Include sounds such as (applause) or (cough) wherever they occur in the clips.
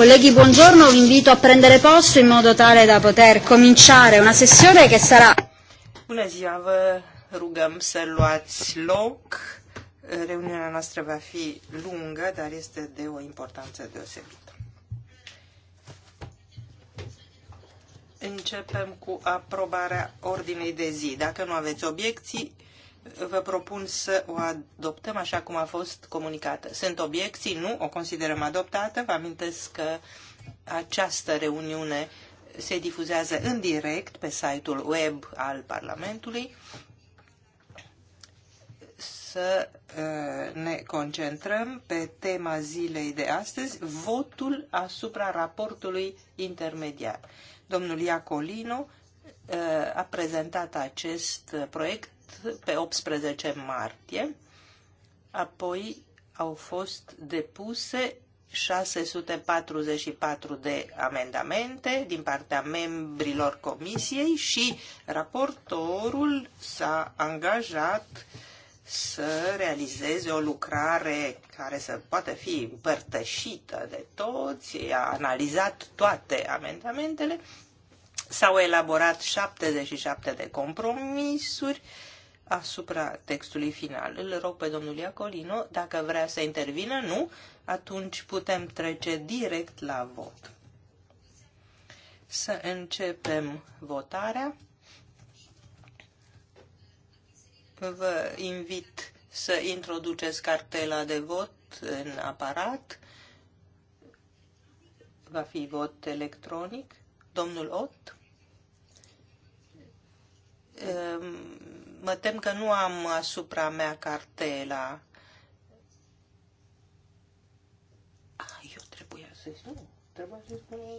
Colleghi, buongiorno, vi invito a prendere posto in modo tale da poter cominciare una sessione che sarà... Bună ziua, vă rugăm să luați loc. Reuniunea noastră va fi lungă, dar este de o importanță deosebită. Începem cu aprobarea ordinei de zi. Dacă nu aveți obiecții, vă propun să o adoptăm așa cum a fost comunicată. Sunt obiecții? Nu, o considerăm adoptată. Vă amintesc că această reuniune se difuzează în direct pe site-ul web al Parlamentului. Să uh, ne concentrăm pe tema zilei de astăzi, votul asupra raportului intermediar. Domnul Iacolino uh, a prezentat acest proiect pe 18 martie, apoi au fost depuse 644 de amendamente din partea membrilor comisiei și raportorul s-a angajat să realizeze o lucrare care să poată fi împărtășită de toți, a analizat toate amendamentele, s-au elaborat 77 de compromisuri, asupra textului final. Îl rog pe domnul Iacolino, dacă vrea să intervină, nu, atunci putem trece direct la vot. Să începem votarea. Vă invit să introduceți cartela de vot în aparat. Va fi vot electronic. Domnul Ott ehm, mă tem că nu am asupra mea cartela. Ah, eu trebuia să-i spun. Trebuia să-i spun.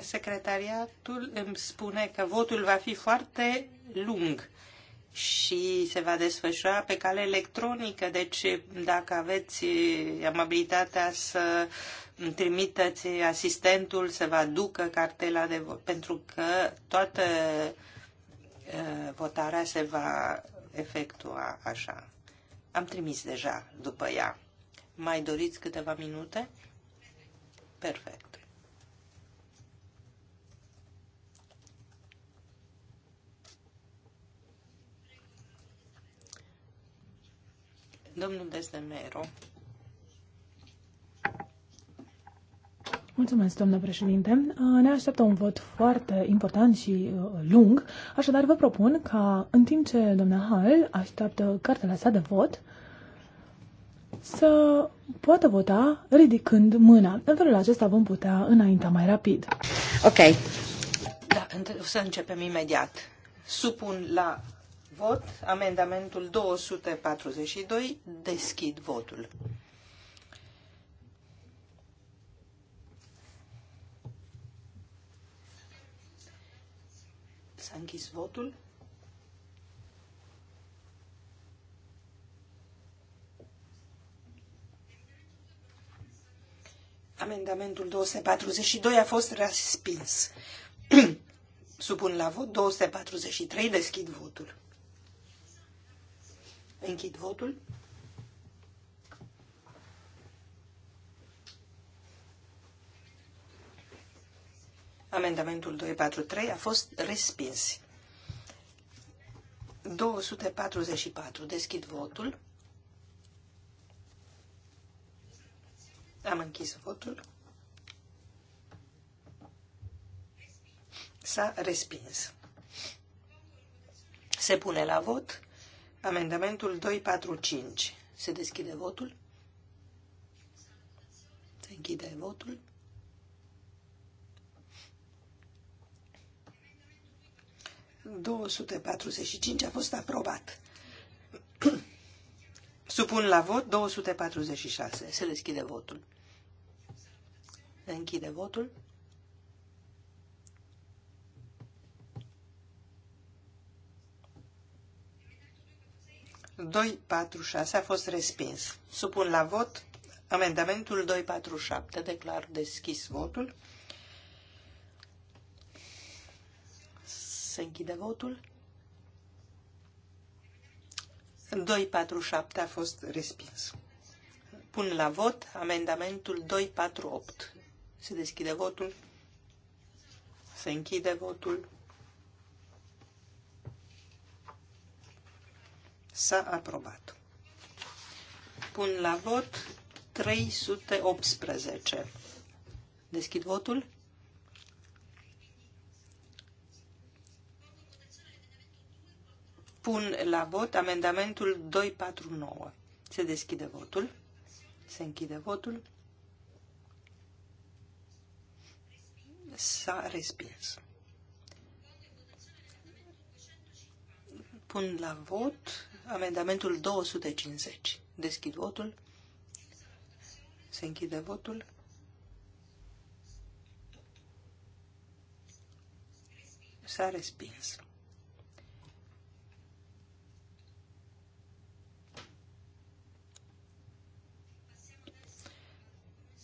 secretariatul îmi spune că votul va fi foarte lung și se va desfășura pe cale electronică, deci dacă aveți amabilitatea să trimiteți asistentul să vă aducă cartela de vot, pentru că toată votarea se va efectua așa. Am trimis deja după ea. Mai doriți câteva minute? Perfect. Domnul Desdemero. Mulțumesc, domnule președinte. Ne așteaptă un vot foarte important și uh, lung, așadar vă propun ca în timp ce domnul Hall așteaptă cartela sa de vot, să poată vota ridicând mâna. În felul acesta vom putea înainta mai rapid. Ok. Da, să începem imediat. Supun la vot amendamentul 242. Deschid votul. S-a închis votul. Amendamentul 242 a fost respins. (clears throat) Supun la vot 243, deschid votul. Închid votul. Amendamentul 243 a fost respins. 244. Deschid votul. Am închis votul. S-a respins. Se pune la vot Amendamentul 245. Se deschide votul. Se închide votul. ...245 a fost aprobat. (clears throat) Supun la vot 246. Se deschide votul. Se închide votul. 246 a fost respins. Supun la vot amendamentul 247. Declar deschis votul. Se închide votul. 247 a fost respins. Pun la vot amendamentul 248. Se deschide votul. Se închide votul. S-a aprobat. Pun la vot 318. Deschid votul. Pun la vot amendamentul 249. Se deschide votul. Se închide votul. S-a respins. Pun la vot amendamentul 250. Deschid votul. Se închide votul. S-a respins.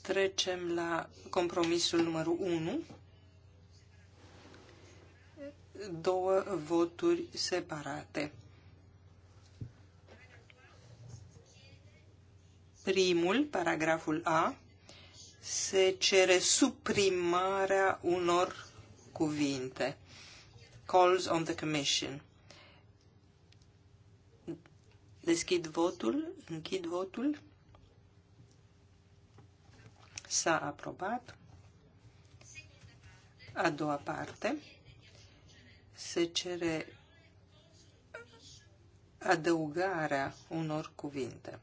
Trecem la compromisul numărul 1 două voturi separate. primul, paragraful A, se cere suprimarea unor cuvinte. Calls on the Commission. Deschid votul, închid votul. S-a aprobat. A doua parte se cere adăugarea unor cuvinte.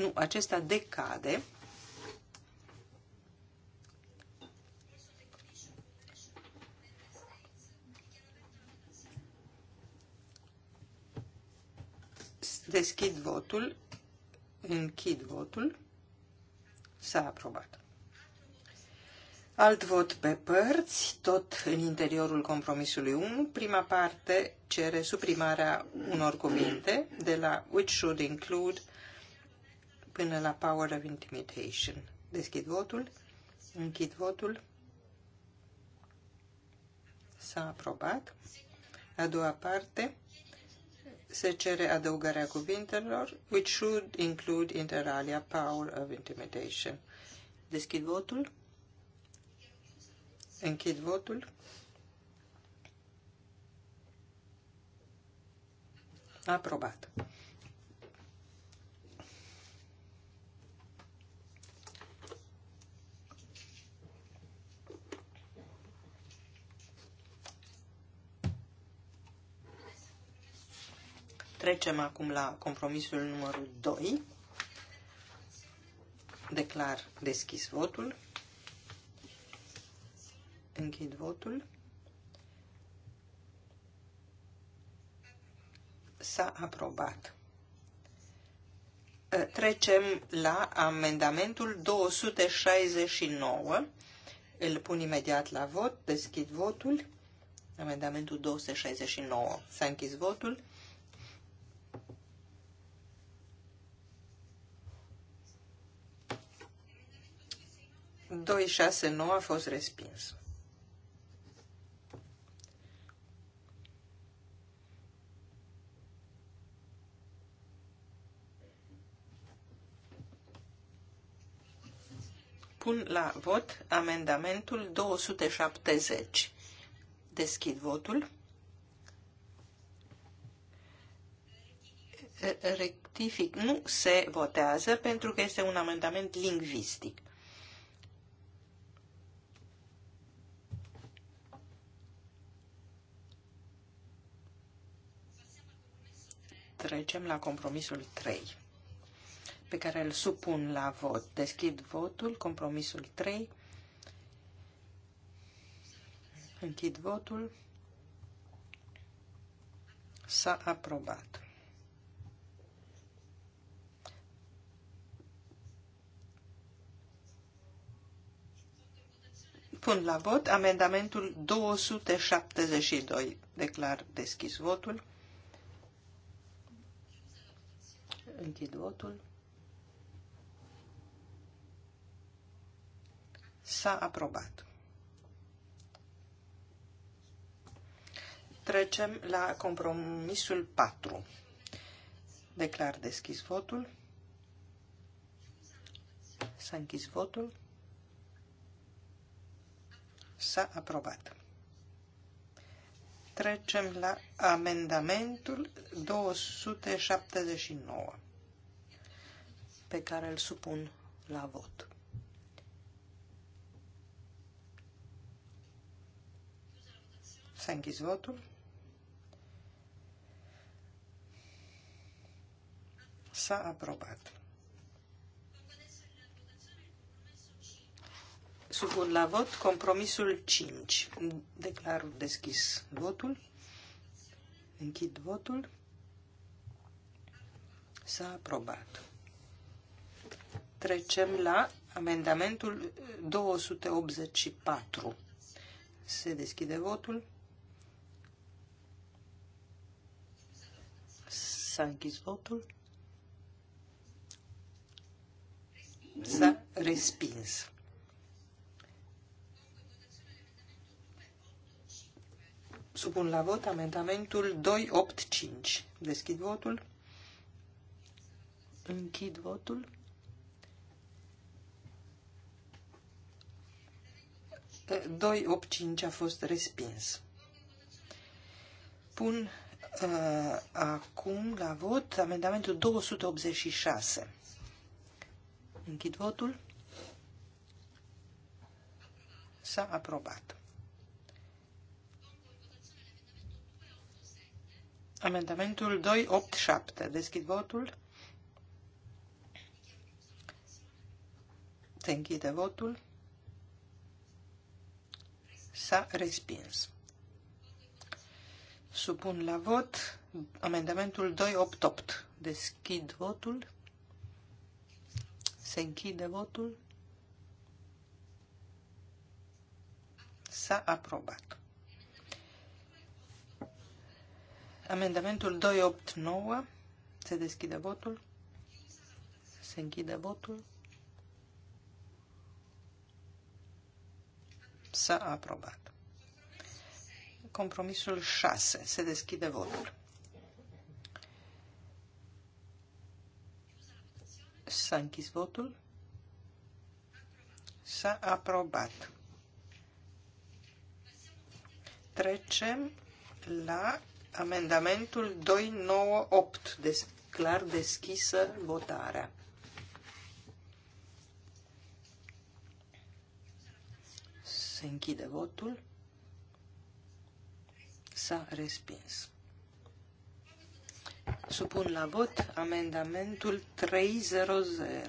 Nu, acesta decade. Deschid votul, închid votul, s-a aprobat. Alt vot pe părți, tot în interiorul compromisului 1. Prima parte cere suprimarea unor cuvinte de la which should include până la Power of Intimidation. Deschid votul, închid votul. S-a aprobat. A doua parte se cere adăugarea cuvintelor which should include inter alia power of intimidation. Deschid votul. Închid votul. Aprobat. Trecem acum la compromisul numărul 2. Declar deschis votul. Închid votul. S-a aprobat. Ă, trecem la amendamentul 269. Îl pun imediat la vot. Deschid votul. Amendamentul 269. S-a închis votul. 269 a fost respins. Pun la vot amendamentul 270. Deschid votul. Rectific. Nu se votează pentru că este un amendament lingvistic. trecem la compromisul 3, pe care îl supun la vot. Deschid votul, compromisul 3, închid votul, s-a aprobat. Pun la vot amendamentul 272. Declar deschis votul. Închid votul. S-a aprobat. Trecem la compromisul 4. Declar deschis votul. S-a închis votul. S-a aprobat. Trecem la amendamentul 279 pe care îl supun la vot. Să închis votul. S-a aprobat. Supun la vot compromisul 5. Declar deschis votul. Închid votul. S-a aprobat. Trecem la amendamentul 284. Se deschide votul. S-a închis votul. S-a respins. Supun la vot amendamentul 285. Deschid votul. Închid votul. 285 a fost respins. Pun uh, acum la vot amendamentul 286. Închid votul. S-a aprobat. Amendamentul 287. Deschid votul. Se închide votul. S-a respins. Supun la vot amendamentul 288. Deschid votul. Se închide votul. S-a aprobat. Amendamentul 289. Se deschide votul. Se închide votul. S-a aprobat. Compromisul 6. Se deschide votul. S-a închis votul. S-a aprobat. Trecem la amendamentul 298. Des, clar deschisă votarea. Se închide votul. S-a respins. Supun la vot amendamentul 300.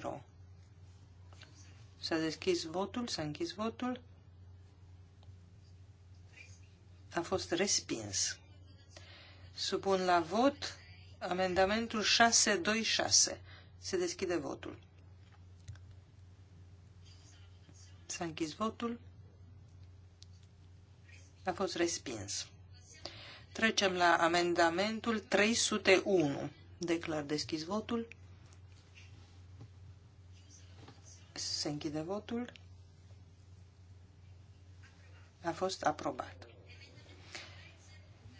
S-a deschis votul, s-a închis votul. A fost respins. Supun la vot amendamentul 626. Se deschide votul. S-a închis votul. A fost respins. Trecem la amendamentul 301. Declar deschis votul. Se închide votul. A fost aprobat.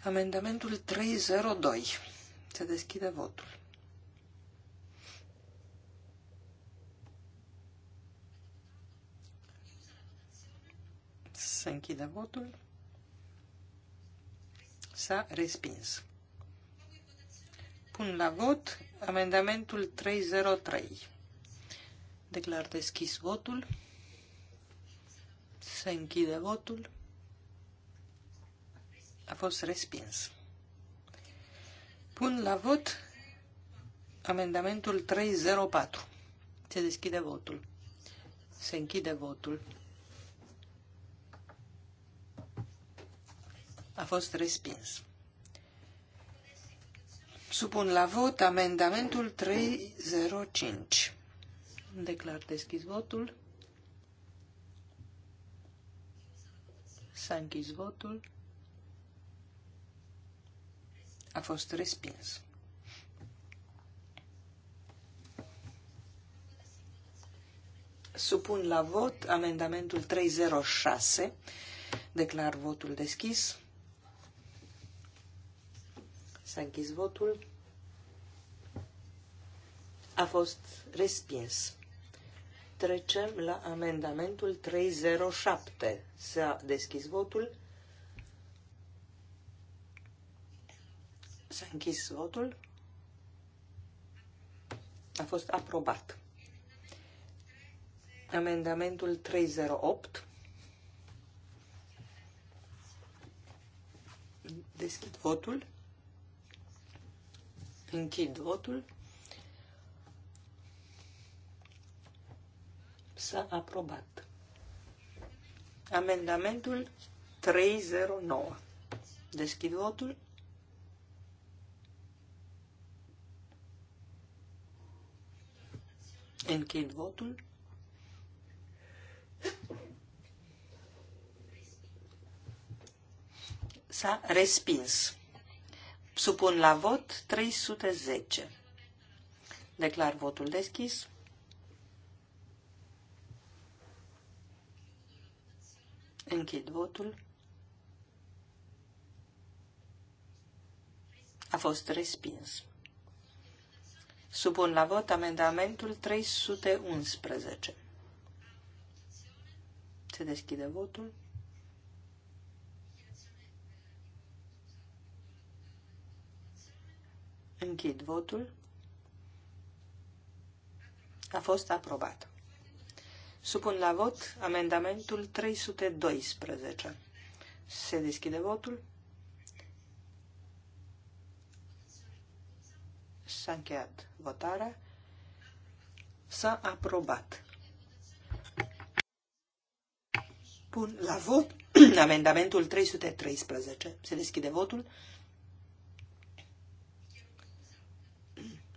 Amendamentul 302. Se deschide votul. Se închide votul. S-a respins. Pun la vot amendamentul 303. Declar deschis votul. Se închide votul. A fost respins. Pun la vot amendamentul 304. Se deschide votul. Se închide votul. A fost respins. Supun la vot amendamentul 305. Declar deschis votul. S-a închis votul. A fost respins. Supun la vot amendamentul 306. Declar votul deschis. S-a închis votul. A fost respins. Trecem la amendamentul 307. S-a deschis votul. S-a închis votul. A fost aprobat. Amendamentul 308. Deschid votul. Închid votul. S-a aprobat. Amendamentul 309. Deschid votul. Închid votul. S-a respins. Supun la vot 310. Declar votul deschis. Închid votul. A fost respins. Supun la vot amendamentul 311. Se deschide votul. Închid votul. A fost aprobat. Supun la vot amendamentul 312. Se deschide votul. S-a încheiat votarea. S-a aprobat. Pun la vot (clears throat) amendamentul 313. Se deschide votul.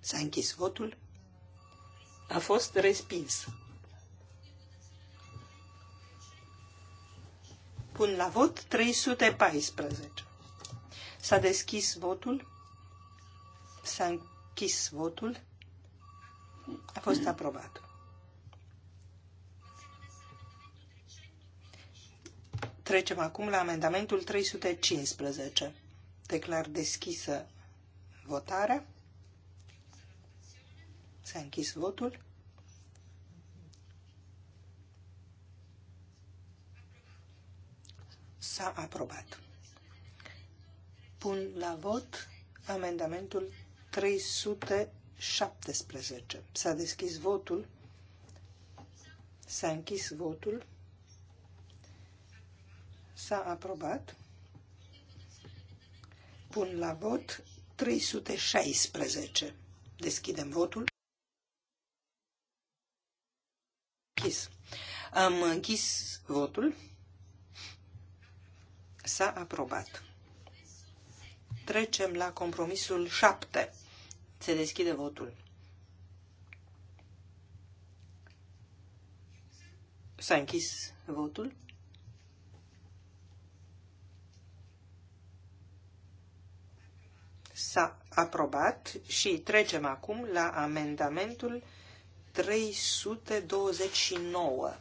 S-a închis votul. A fost respins. Pun la vot 314. S-a deschis votul. S-a închis votul. A fost aprobat. Trecem acum la amendamentul 315. Declar deschisă votarea. S-a închis votul. S-a aprobat. Pun la vot amendamentul 317. S-a deschis votul. S-a închis votul. S-a aprobat. Pun la vot 316. Deschidem votul. închis. Am închis votul. S-a aprobat. Trecem la compromisul 7. Se deschide votul. S-a închis votul. S-a aprobat și trecem acum la amendamentul 329.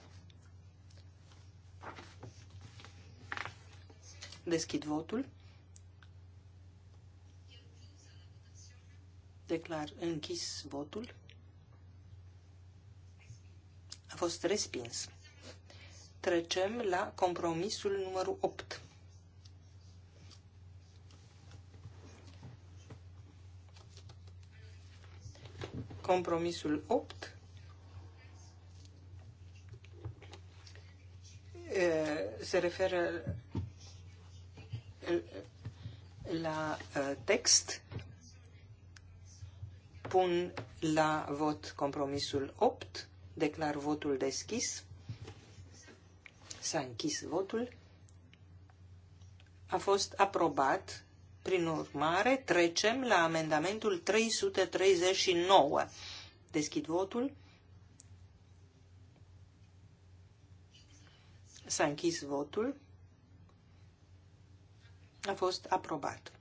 Deschid votul. Declar închis votul. A fost respins. Trecem la compromisul numărul 8. Compromisul 8 Eh, se referă eh, la eh, text. Pun la vot compromisul 8. Declar votul deschis. S-a închis votul. A fost aprobat. Prin urmare, trecem la amendamentul 339. Deschid votul. S-a închis votul. A fost aprobat.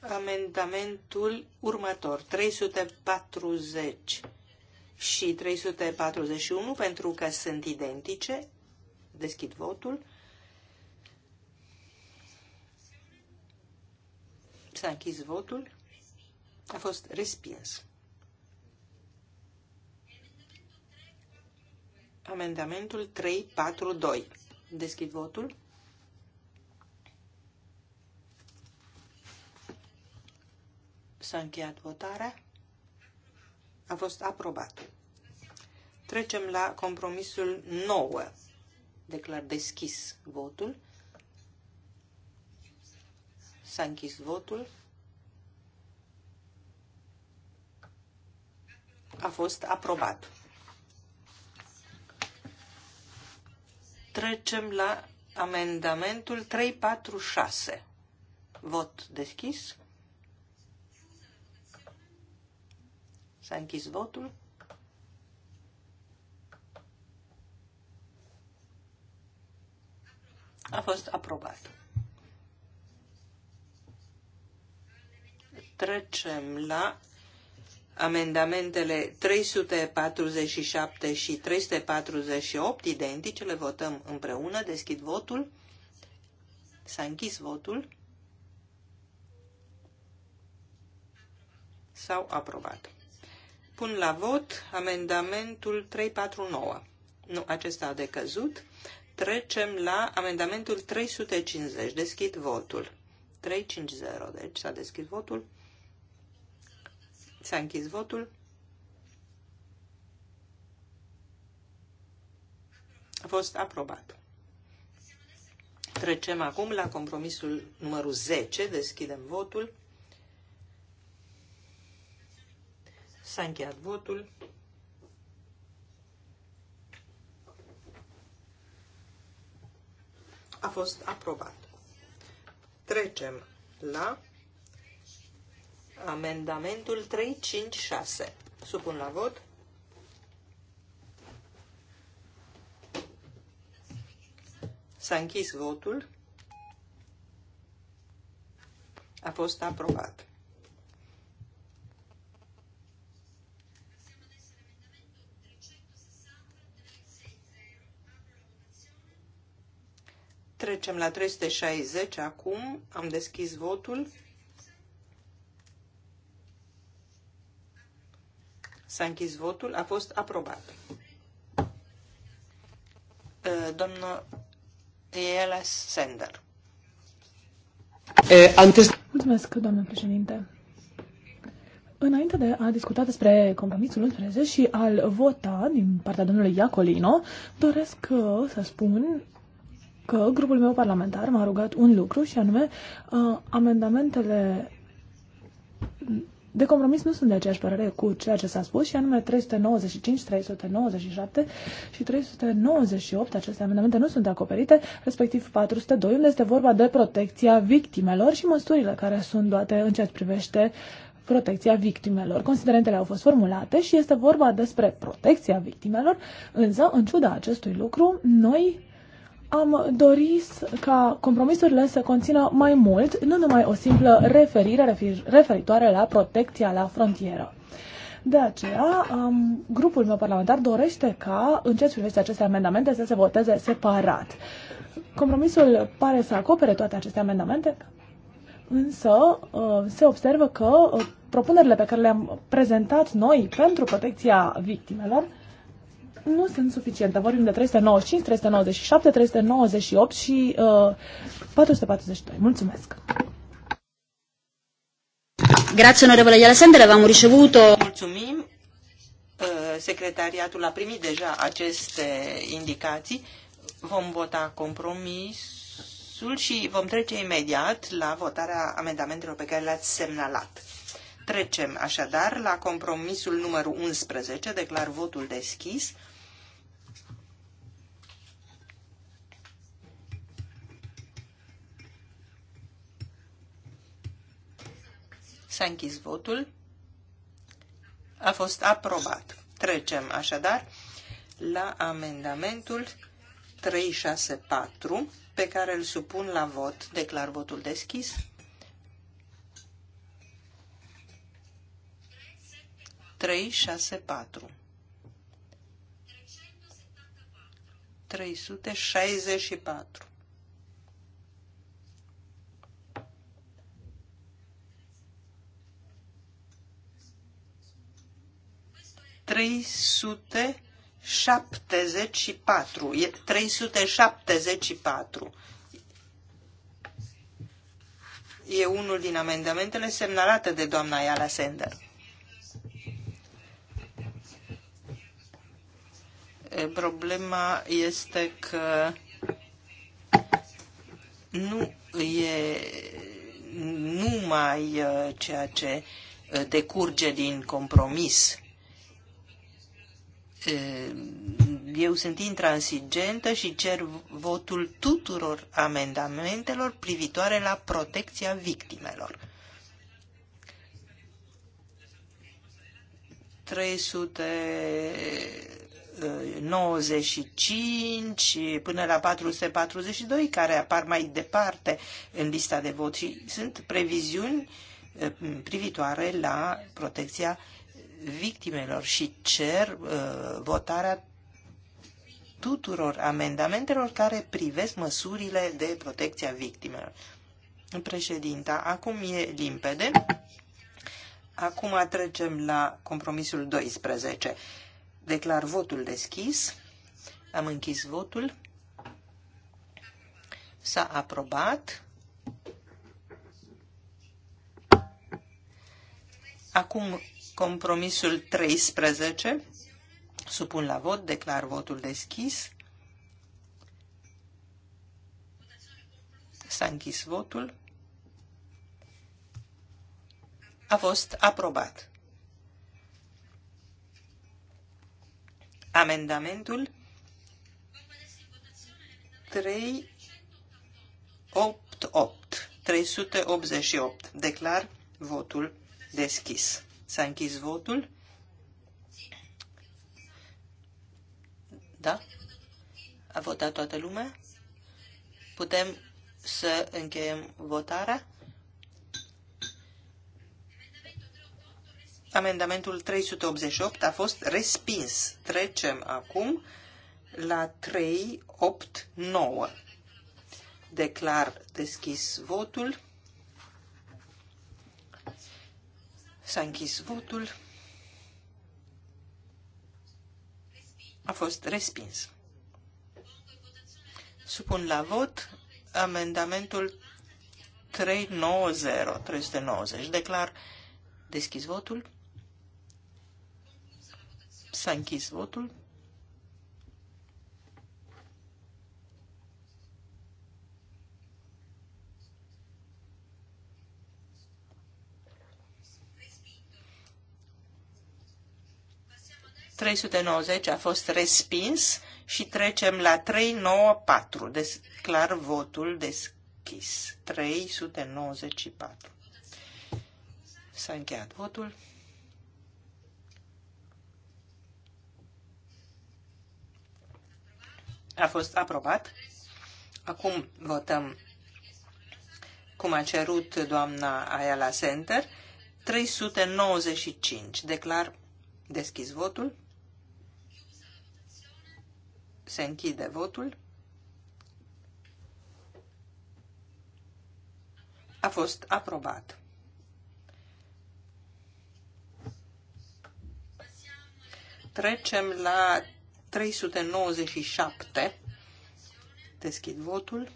Amendamentul următor, 340 și 341, pentru că sunt identice, deschid votul. S-a închis votul. A fost respins. Amendamentul 342. Deschid votul. S-a încheiat votarea. A fost aprobat. Trecem la compromisul 9. Declar deschis votul. S-a închis votul. A fost aprobat. Trecem la amendamentul 346. Vot deschis. S-a închis votul. A fost aprobat. Trecem la Amendamentele 347 și 348, identice, le votăm împreună. Deschid votul. S-a închis votul. S-au aprobat. Pun la vot amendamentul 349. Nu, acesta a decăzut. Trecem la amendamentul 350. Deschid votul. 350, deci s-a deschis votul. S-a închis votul. A fost aprobat. Trecem acum la compromisul numărul 10. Deschidem votul. S-a încheiat votul. A fost aprobat. Trecem la Amendamentul 356. Supun la vot. S-a închis votul. A fost aprobat. Trecem la 360 acum. Am deschis votul. S-a închis votul. A fost aprobat. Uh, domnul Iela Sender. Eh, Mulțumesc, doamnă președinte. Înainte de a discuta despre compromisul 11 și al vota din partea domnului Iacolino, doresc uh, să spun că grupul meu parlamentar m-a rugat un lucru și anume uh, amendamentele de compromis nu sunt de aceeași părere cu ceea ce s-a spus și anume 395, 397 și 398, aceste amendamente nu sunt acoperite, respectiv 402, unde este vorba de protecția victimelor și măsurile care sunt luate în ceea ce privește protecția victimelor. Considerentele au fost formulate și este vorba despre protecția victimelor, însă, în ciuda acestui lucru, noi am dorit ca compromisurile să conțină mai mult, nu numai o simplă referire referitoare la protecția la frontieră. De aceea, um, grupul meu parlamentar dorește ca, în ce privește aceste amendamente, să se voteze separat. Compromisul pare să acopere toate aceste amendamente, însă uh, se observă că uh, propunerile pe care le-am prezentat noi pentru protecția victimelor nu sunt suficiente. Vorbim de 395, 397, 398 și uh, 442. Mulțumesc! Grazie onorevole am avem ricevuto... Mulțumim! Uh, secretariatul a primit deja aceste indicații. Vom vota compromisul și vom trece imediat la votarea amendamentelor pe care le-ați semnalat. Trecem așadar la compromisul numărul 11, declar votul deschis. S-a închis votul. A fost aprobat. Trecem așadar la amendamentul 364 pe care îl supun la vot. Declar votul deschis. 364 364 374. E 374. E unul din amendamentele semnalate de doamna Iala Sender. Problema este că nu e numai uh, ceea ce uh, decurge din compromis Eh, eu sunt intransigentă și cer votul tuturor amendamentelor privitoare la protecția victimelor. 395 eh, până la 442, care apar mai departe în lista de vot și sunt previziuni eh, privitoare la protecția victimelor și cer uh, votarea tuturor amendamentelor care privesc măsurile de protecție a victimelor. Președinta, acum e limpede. Acum trecem la compromisul 12. Declar votul deschis. Am închis votul. S-a aprobat. Acum Compromisul 13. Supun la vot, declar votul deschis. S-a închis votul. A fost aprobat. Amendamentul 388. 388. Declar votul deschis. S-a închis votul. Da? A votat toată lumea? Putem să încheiem votarea? Amendamentul 388 a fost respins. Trecem acum la 389. Declar deschis votul. S-a închis votul. A fost respins. Supun la vot amendamentul 390, 390. Declar deschis votul. S-a închis votul. 390 a fost respins și trecem la 394. clar votul deschis. 394. S-a încheiat votul. A fost aprobat. Acum votăm cum a cerut doamna Ayala Center. 395. Declar deschis votul. Se închide votul. A fost aprobat. Trecem la 397. Deschid votul.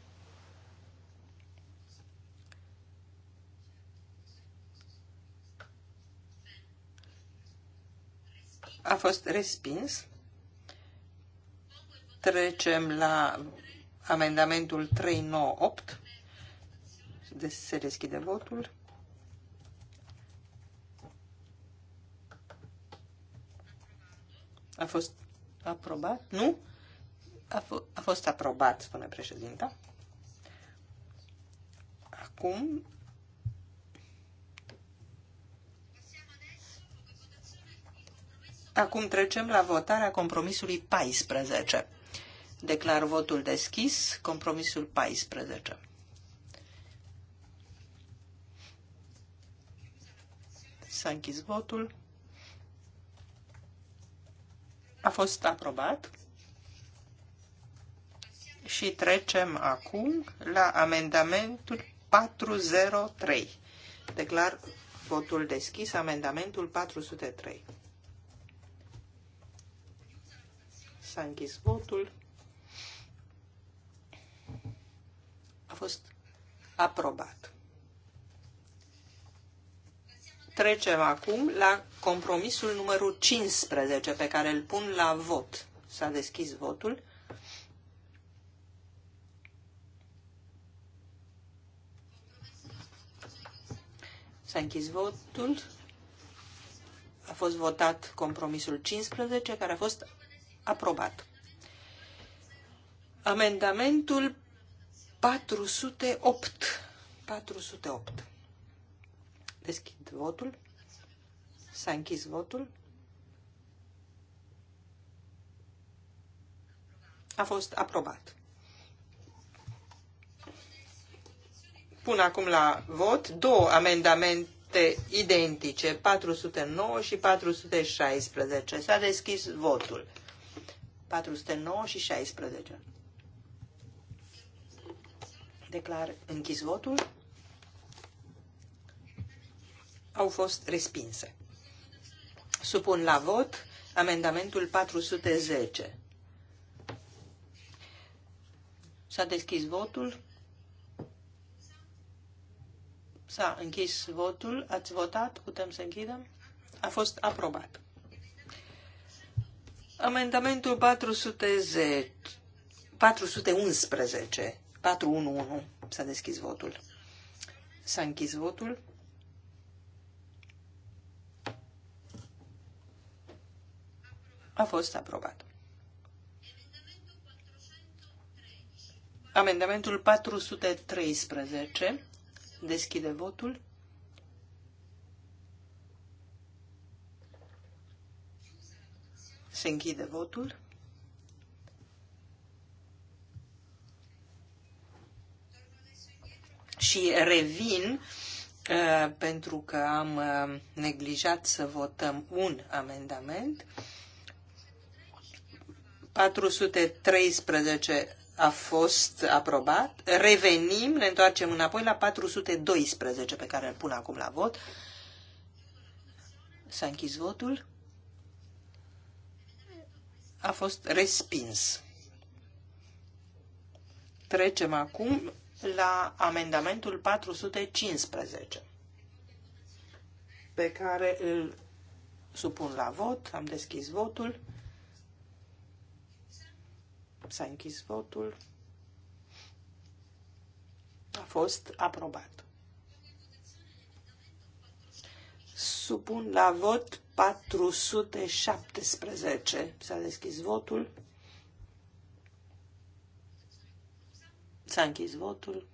A fost respins. Trecem la amendamentul 398. De se deschide votul. A fost aprobat? Nu? A, a fost aprobat, spune președinta. Acum Acum trecem la votarea compromisului 14. Declar votul deschis, compromisul 14. S-a închis votul. A fost aprobat. Și trecem acum la amendamentul 403. Declar votul deschis, amendamentul 403. S-a închis votul. fost aprobat. Trecem acum la compromisul numărul 15 pe care îl pun la vot. S-a deschis votul. S-a închis votul. A fost votat compromisul 15, care a fost aprobat. Amendamentul 408. 408. Deschid votul. S-a închis votul. A fost aprobat. Pun acum la vot două amendamente identice, 409 și 416. S-a deschis votul. 409 și 16. Declar închis votul. Au fost respinse. Supun la vot amendamentul 410. S-a deschis votul. S-a închis votul. Ați votat? Putem să închidem? A fost aprobat. Amendamentul 410, 411. 4-1-1 S-a deschis votul. S-a închis votul. A fost aprobat. Amendamentul 413 deschide votul. Se închide votul. și revin uh, pentru că am uh, neglijat să votăm un amendament. 413 a fost aprobat. Revenim, ne întoarcem înapoi la 412 pe care îl pun acum la vot. S-a închis votul. A fost respins. Trecem acum la amendamentul 415 pe care îl supun la vot. Am deschis votul. S-a închis votul. A fost aprobat. Supun la vot 417. S-a deschis votul. S-a închis votul.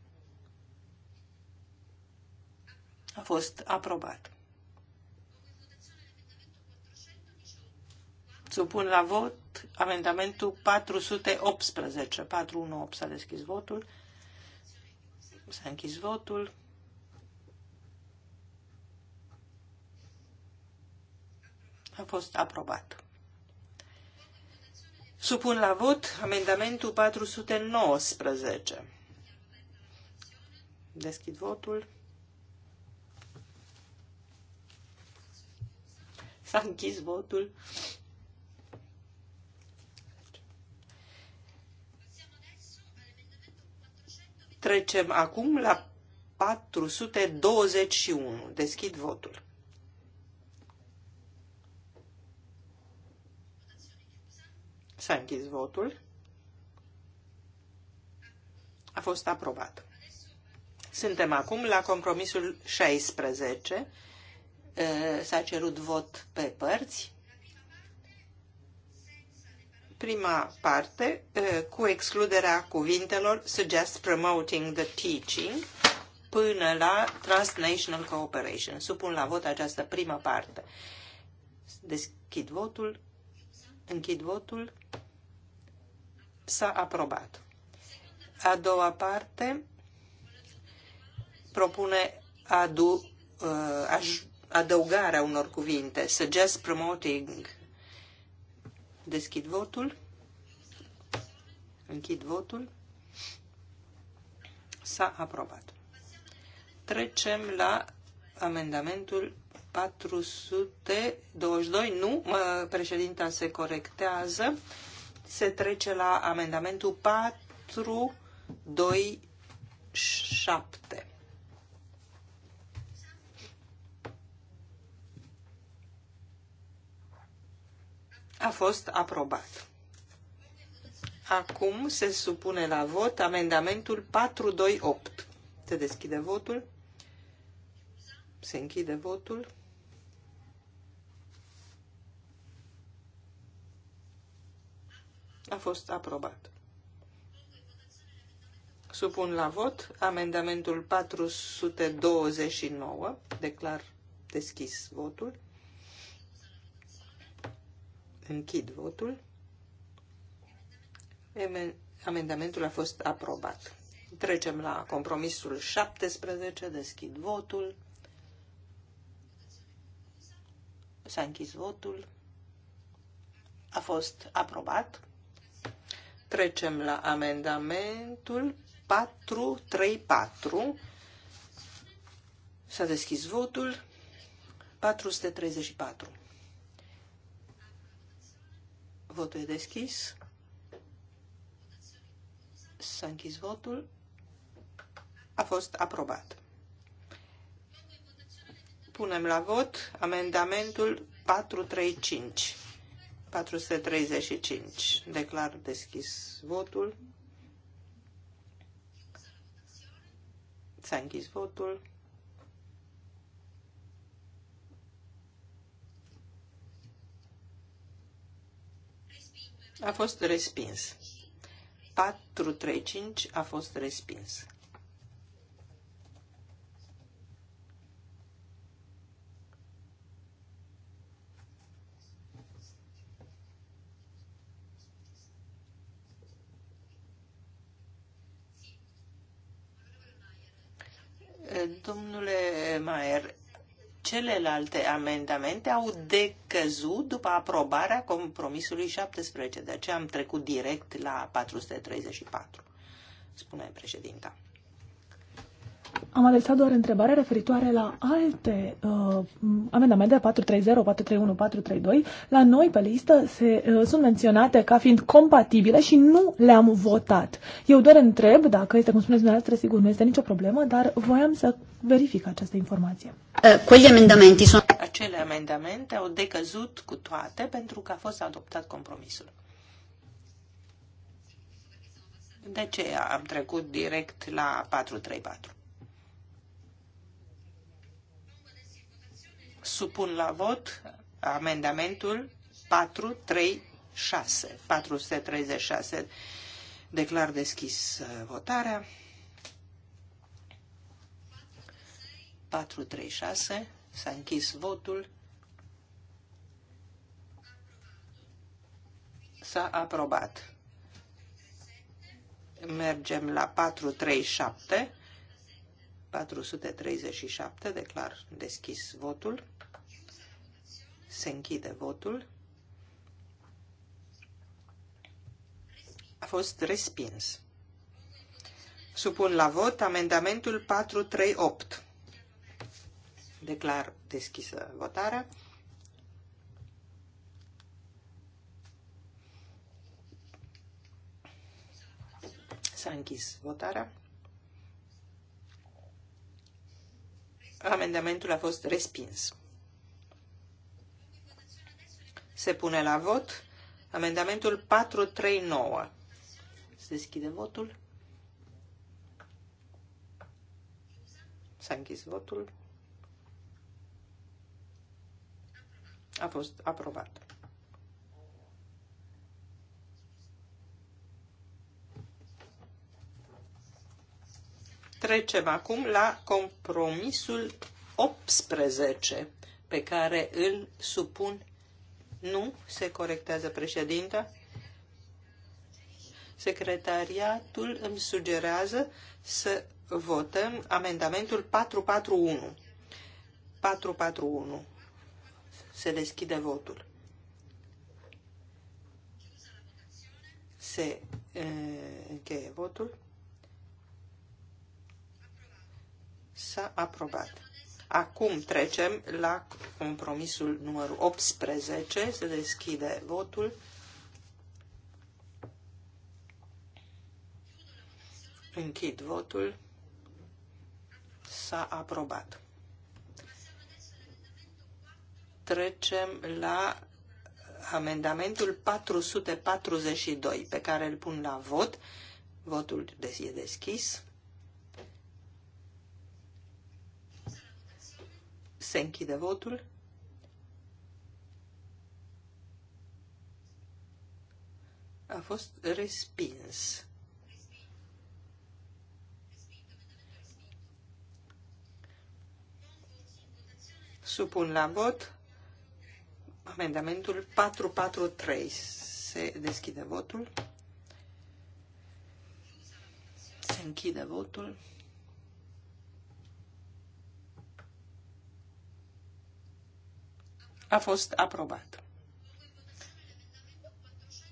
A fost aprobat. Supun la vot amendamentul 418. 418 s-a deschis votul. S-a închis votul. A fost aprobat. Supun la vot amendamentul 419. Deschid votul. S-a închis votul. Trecem acum la 421. Deschid votul. S-a închis votul. A fost aprobat. Suntem acum la compromisul 16. S-a cerut vot pe părți. Prima parte, cu excluderea cuvintelor suggest promoting the teaching până la transnational cooperation. Supun la vot această primă parte. Deschid votul. Închid votul. S-a aprobat. A doua parte propune adu, uh, adăugarea unor cuvinte. Suggest promoting. Deschid votul. Închid votul. S-a aprobat. Trecem la amendamentul 422, nu, mă, președinta se corectează, se trece la amendamentul 427. A fost aprobat. Acum se supune la vot amendamentul 428. Se deschide votul. Se închide votul. a fost aprobat. Supun la vot amendamentul 429. Declar deschis votul. Închid votul. Amendamentul a fost aprobat. Trecem la compromisul 17. Deschid votul. S-a închis votul. A fost aprobat. Trecem la amendamentul 434. S-a deschis votul. 434. Votul e deschis. S-a închis votul. A fost aprobat. Punem la vot amendamentul 435. 435. Declar deschis votul. S-a închis votul. A fost respins. 435 a fost respins. Domnule Maier, celelalte amendamente au decăzut după aprobarea compromisului 17, de aceea am trecut direct la 434, spune președinta am adresat doar întrebare referitoare la alte uh, amendamente 430, 431, 432. La noi pe listă se, uh, sunt menționate ca fiind compatibile și nu le-am votat. Eu doar întreb dacă este, cum spuneți dumneavoastră, sigur nu este nicio problemă, dar voiam să verific această informație. Uh, amendamenti sunt... Acele amendamente au decăzut cu toate pentru că a fost adoptat compromisul. De ce am trecut direct la 434? Supun la vot amendamentul 436. 436. Declar deschis uh, votarea. 436. S-a închis votul. S-a aprobat. Mergem la 437. 437. Declar deschis votul. Se închide votul. A fost respins. Supun la vot amendamentul 438. Declar deschisă votarea. S-a închis votarea. Amendamentul a fost respins. Se pune la vot amendamentul 439. Se deschide votul. S-a închis votul. A fost aprobat. Trecem acum la compromisul 18 pe care îl supun nu, se corectează președinta. Secretariatul îmi sugerează să votăm amendamentul 441. 441. Se deschide votul. Se încheie votul. S-a aprobat. Acum trecem la compromisul numărul 18. Se deschide votul. Închid votul. S-a aprobat. Trecem la amendamentul 442 pe care îl pun la vot. Votul e deschis. Se închide votul. A fost respins. Supun la vot amendamentul 443. Se deschide votul. Se închide votul. a fost aprobat.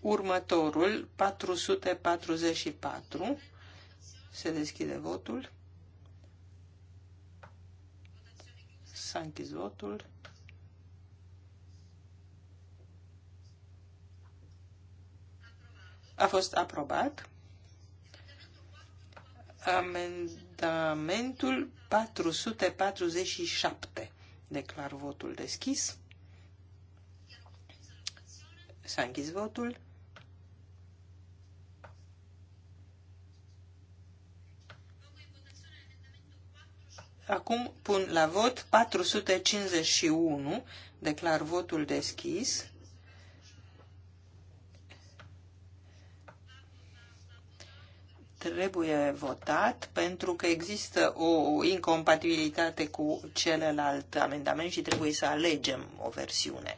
Următorul, 444, se deschide votul. S-a închis votul. A fost aprobat. Amendamentul 447. Declar votul deschis. S-a închis votul. Acum pun la vot 451. Declar votul deschis. Trebuie votat pentru că există o incompatibilitate cu celălalt amendament și trebuie să alegem o versiune.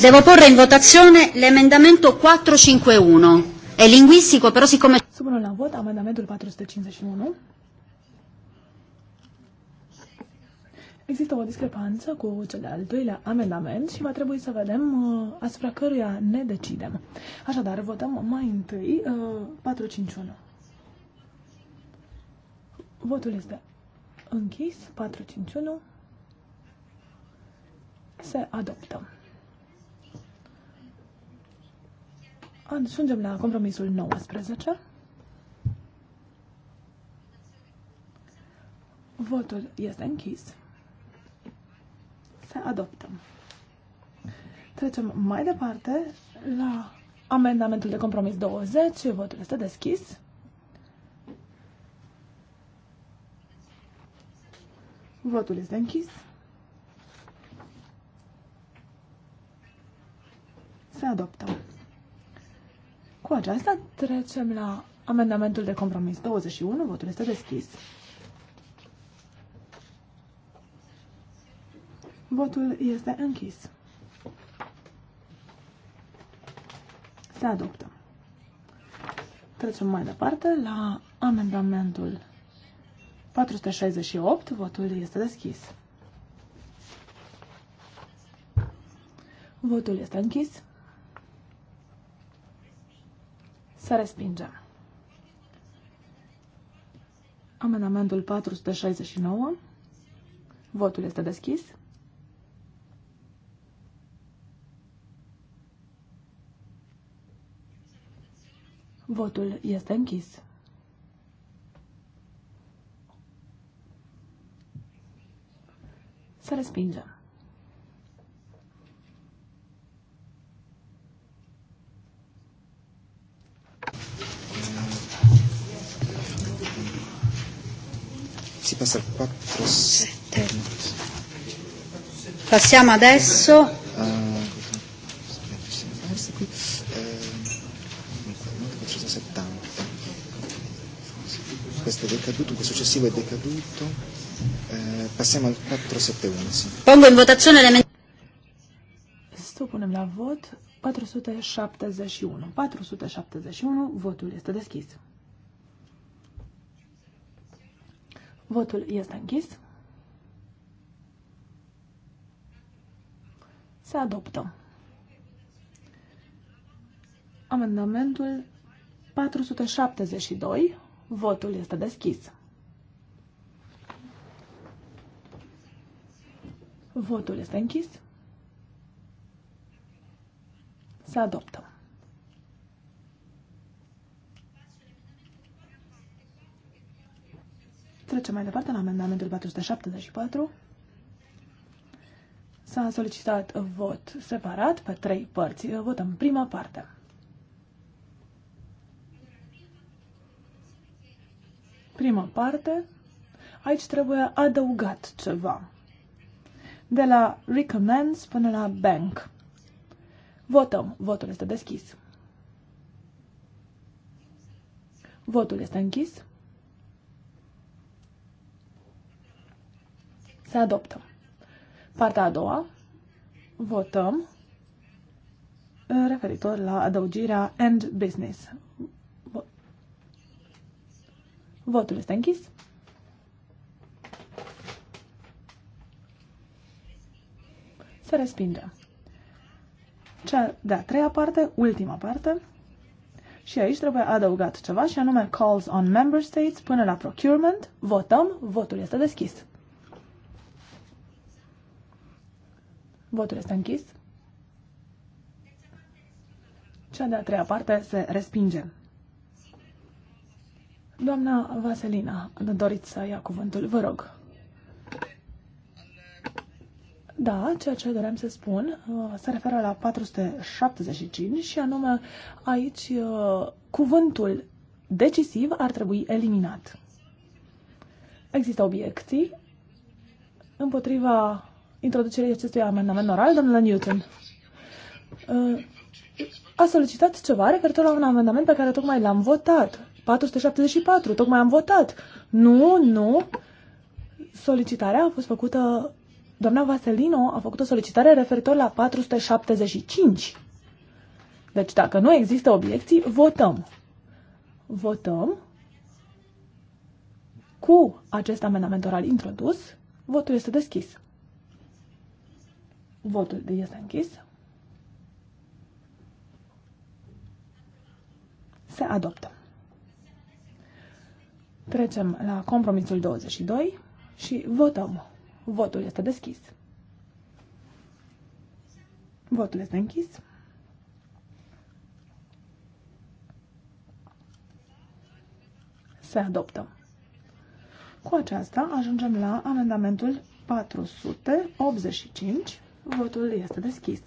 Devo porre in votazione l'emendamento 451. È linguistico, però siccome... Supunem la vot amendamentul 451. Există o discrepanță cu cel de-al doilea amendament și va trebui să vedem uh, asupra căruia ne decidem. Așadar, votăm mai întâi uh, 451. Votul este închis, 451 se adoptă. Ajungem la compromisul 19. Votul este închis. Se adoptăm. Trecem mai departe la amendamentul de compromis 20. Votul este deschis. Votul este închis. Se adoptăm. Cu aceasta trecem la amendamentul de compromis 21. Votul este deschis. Votul este închis. Se adoptă. Trecem mai departe la amendamentul 468. Votul este deschis. Votul este închis. Se respinge. Amendamentul 469. Votul este deschis. Votul este închis. Să respingem. passa al 4, 7. Passiamo adesso. Eh, eh, questo è decaduto, questo successivo è decaduto. Eh, passiamo al 471. Pongo in votazione l'emendamento. Supunem la vot 471. 471, votul este deschis. Votul este închis. Se adoptă. Amendamentul 472. Votul este deschis. Votul este închis. Se adoptă. Trecem mai departe la amendamentul 474. S-a solicitat vot separat pe trei părți. Votăm prima parte. Prima parte. Aici trebuie adăugat ceva. De la recommends până la bank. Votăm. Votul este deschis. Votul este închis. Se adoptă. Partea a doua. Votăm uh, referitor la adăugirea and business. Votul este închis. Se respinge. Cea de-a treia parte, ultima parte, și aici trebuie adăugat ceva, și anume calls on member states până la procurement. Votăm, votul este deschis. Votul este închis. Cea de-a treia parte se respinge. Doamna Vaselina, doriți să ia cuvântul, vă rog. Da, ceea ce doream să spun uh, se referă la 475 și anume aici uh, cuvântul decisiv ar trebui eliminat. Există obiecții împotriva introducerii acestui amendament oral, domnule Newton. Uh, a solicitat ceva referitor la un amendament pe care tocmai l-am votat. 474, tocmai am votat. Nu, nu. Solicitarea a fost făcută... Doamna Vaselino a făcut o solicitare referitor la 475. Deci dacă nu există obiecții, votăm. Votăm cu acest amendament oral introdus. Votul este deschis. Votul este închis. Se adoptă. Trecem la compromisul 22 și votăm. Votul este deschis. Votul este închis. Se adoptă. Cu aceasta ajungem la amendamentul 485 Votul este deschis.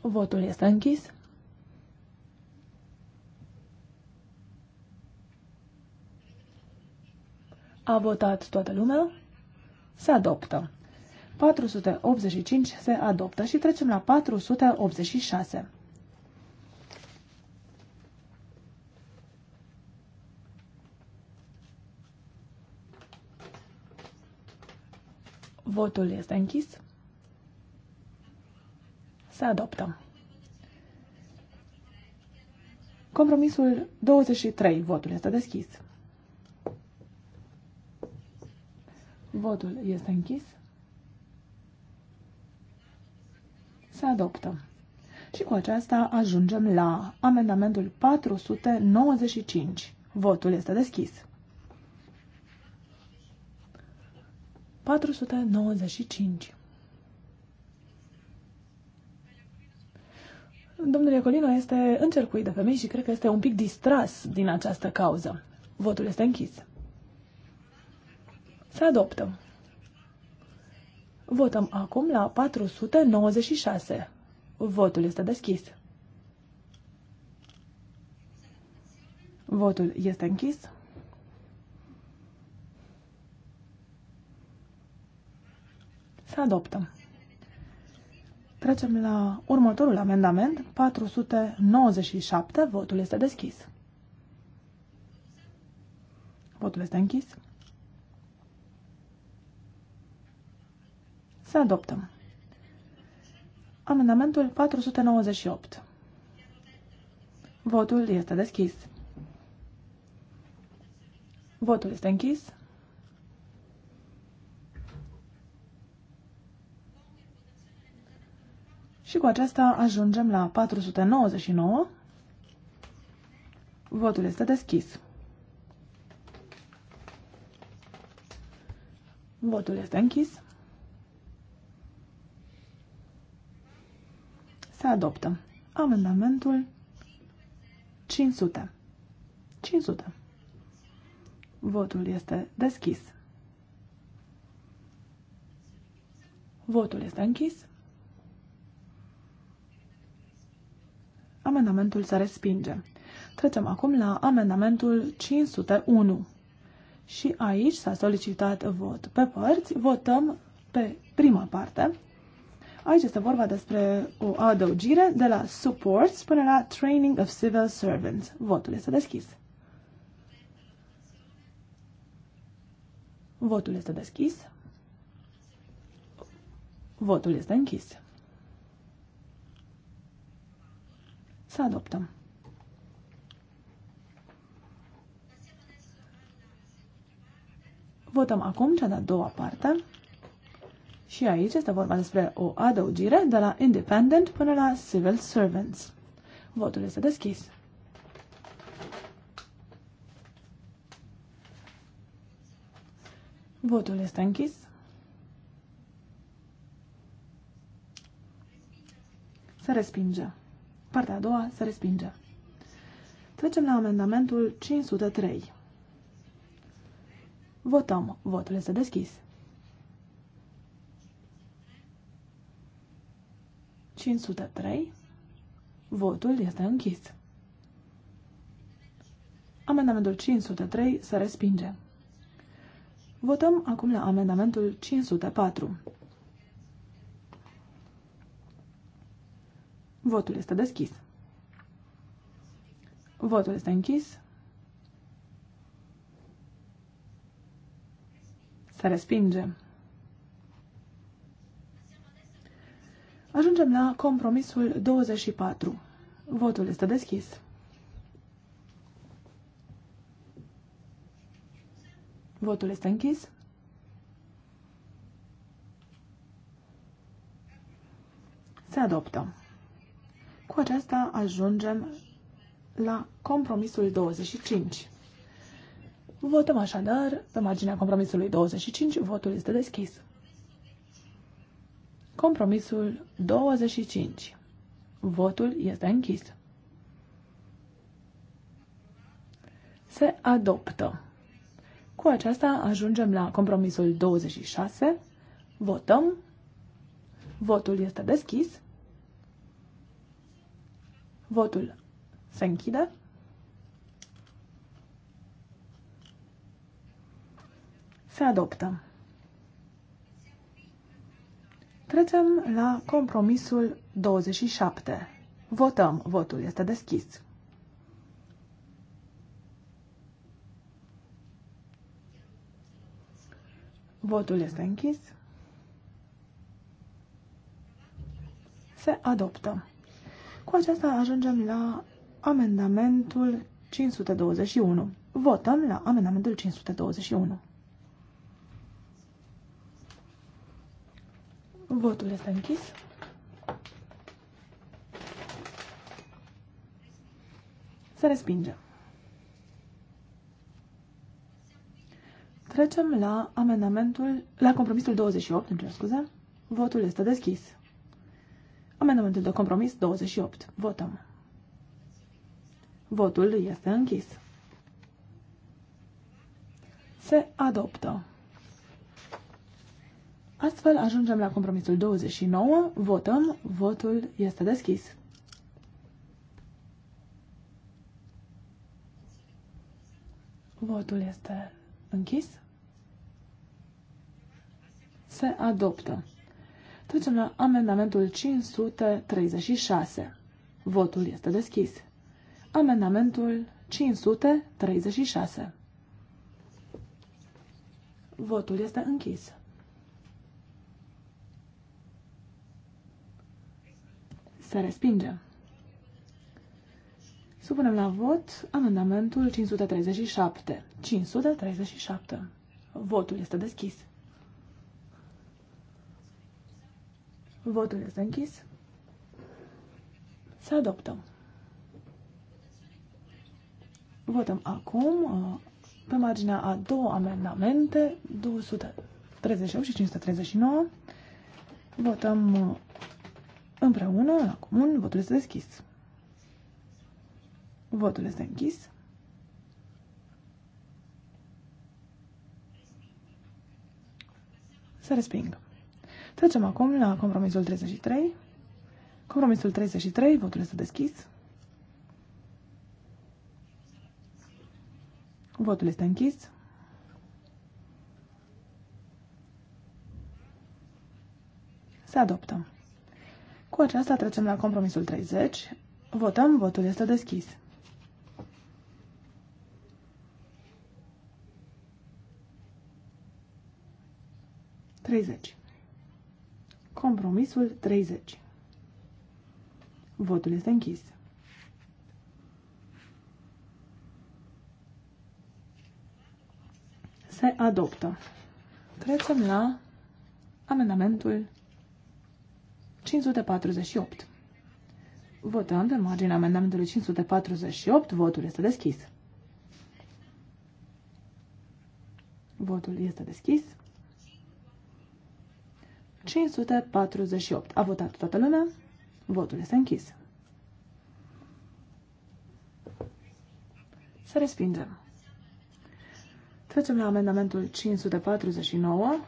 Votul este închis. A votat toată lumea? Se adoptă. 485 se adoptă și trecem la 486. Votul este închis. Se adoptă. Compromisul 23. Votul este deschis. Votul este închis. Se adoptă. Și cu aceasta ajungem la amendamentul 495. Votul este deschis. 495. Domnul Iacolino este încercuit de femei și cred că este un pic distras din această cauză. Votul este închis. Se adoptă. Votăm acum la 496. Votul este deschis. Votul este închis. să adoptăm. Trecem la următorul amendament, 497. Votul este deschis. Votul este închis. Să adoptăm. Amendamentul 498. Votul este deschis. Votul este închis. Și cu aceasta ajungem la 499. Votul este deschis. Votul este închis. Se adoptă amendamentul 500. 500. Votul este deschis. Votul este închis. Amendamentul se respinge. Trecem acum la amendamentul 501. Și aici s-a solicitat vot pe părți. Votăm pe prima parte. Aici este vorba despre o adăugire de la supports până la training of civil servants. Votul este deschis. Votul este deschis. Votul este închis. să adoptăm. Votăm acum cea de-a doua parte. Și aici este vorba despre o adăugire de la independent până la civil servants. Votul este deschis. Votul este închis. Se respinge. Partea a doua se respinge. Trecem la amendamentul 503. Votăm. Votul este deschis. 503. Votul este închis. Amendamentul 503 se respinge. Votăm acum la amendamentul 504. Votul este deschis. Votul este închis. Se respinge. Ajungem la compromisul 24. Votul este deschis. Votul este închis. Se adoptă. Cu aceasta ajungem la compromisul 25. Votăm așadar pe marginea compromisului 25. Votul este deschis. Compromisul 25. Votul este închis. Se adoptă. Cu aceasta ajungem la compromisul 26. Votăm. Votul este deschis. Votul se închide. Se adoptă. Trecem la compromisul 27. Votăm. Votul este deschis. Votul este închis. Se adoptă. Cu aceasta ajungem la amendamentul 521. Votăm la amendamentul 521. Votul este închis. Se respinge. Trecem la amendamentul, la compromisul 28, îmi scuze. Votul este deschis. Amendamentul de compromis 28. Votăm. Votul este închis. Se adoptă. Astfel ajungem la compromisul 29. Votăm. Votul este deschis. Votul este închis. Se adoptă. Trecem la amendamentul 536. Votul este deschis. Amendamentul 536. Votul este închis. Se respinge. Supunem la vot amendamentul 537. 537. Votul este deschis. Votul este închis. Se adoptă. Votăm acum uh, pe marginea a două amendamente, 238 și 539. Votăm uh, împreună, la comun, votul este deschis. Votul este închis. Să resping. Trecem acum la compromisul 33. Compromisul 33, votul este deschis. Votul este închis. Se adoptă. Cu aceasta trecem la compromisul 30. Votăm, votul este deschis. Treizeci. Compromisul 30. Votul este închis. Se adoptă. Trecem la amendamentul 548. Votăm pe marginea amendamentului 548. Votul este deschis. Votul este deschis. 548. A votat toată lumea? Votul este închis. Să respingem. Trecem la amendamentul 549.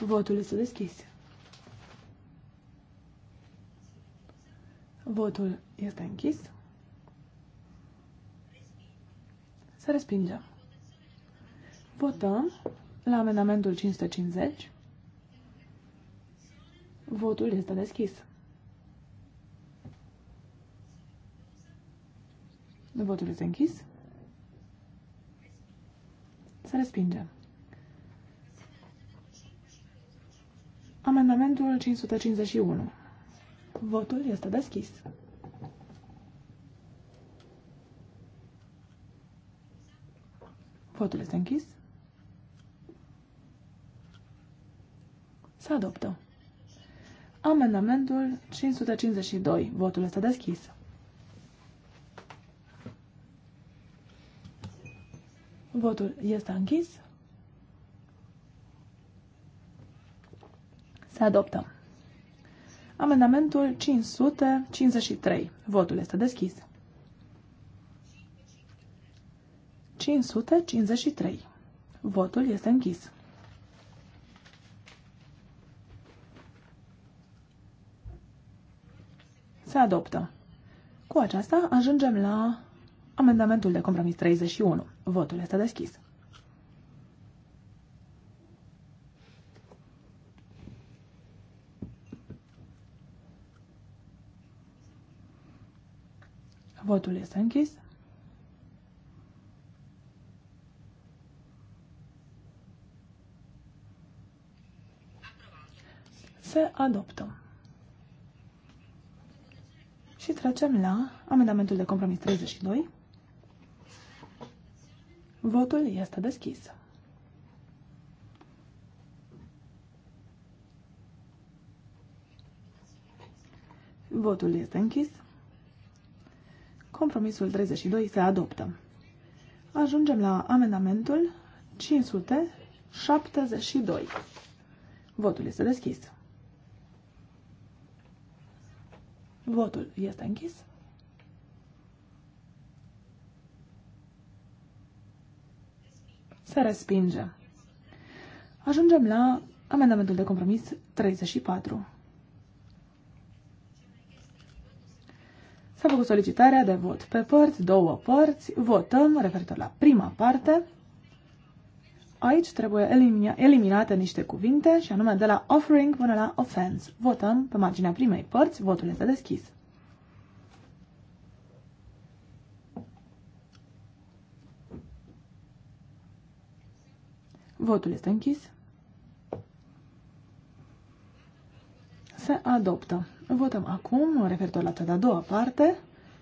Votul este deschis. Votul este închis. Să respingem. Votăm la amendamentul 550. Votul este deschis. Votul este închis. Se respinge. Amendamentul 551. Votul este deschis. Votul este închis. Se adoptă. Amendamentul 552. Votul este deschis. Votul este închis. Se adoptă. Amendamentul 553. Votul este deschis. 553. Votul este închis. Se adoptă. Cu aceasta ajungem la amendamentul de compromis 31. Votul este deschis. Votul este închis. Se adoptă. Și trecem la amendamentul de compromis 32. Votul este deschis. Votul este închis. Compromisul 32 se adoptă. Ajungem la amendamentul 572. Votul este deschis. Votul este închis. Se respinge. Ajungem la amendamentul de compromis 34. S-a făcut solicitarea de vot pe părți, două părți. Votăm referitor la prima parte. Aici trebuie elimina, eliminate niște cuvinte și anume de la offering până la offense. Votăm pe marginea primei părți, votul este deschis. Votul este închis. Se adoptă. Votăm acum referitor la cea de-a doua parte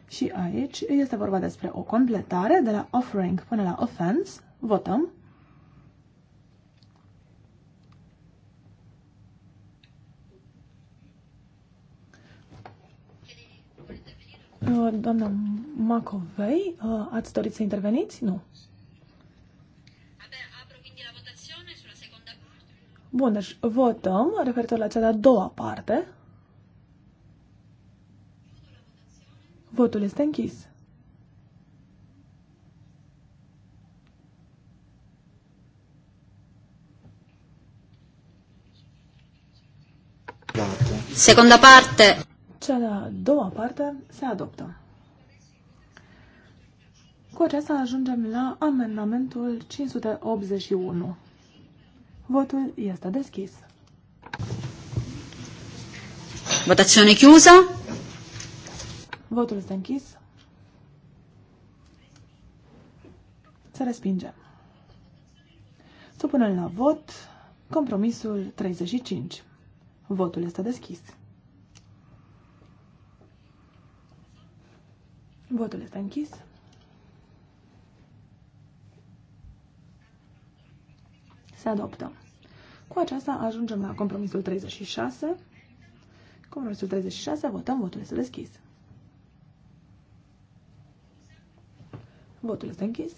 și aici este vorba despre o completare de la offering până la offense. Votăm. Uh, doamna Macovei, uh, ați dorit să interveniți? Nu. Bun, deci votăm referitor la cea de-a doua parte. Votul este închis. Seconda parte. Cea de-a doua parte se adoptă. Cu aceasta ajungem la amendamentul 581. Votul este deschis. Votazione chiusa. Votul este închis. Se respinge. Supunem la vot compromisul 35. Votul este deschis. Votul este închis. Se adoptă. Cu aceasta ajungem la compromisul 36. Compromisul 36, votăm, votul este deschis. Votul este închis.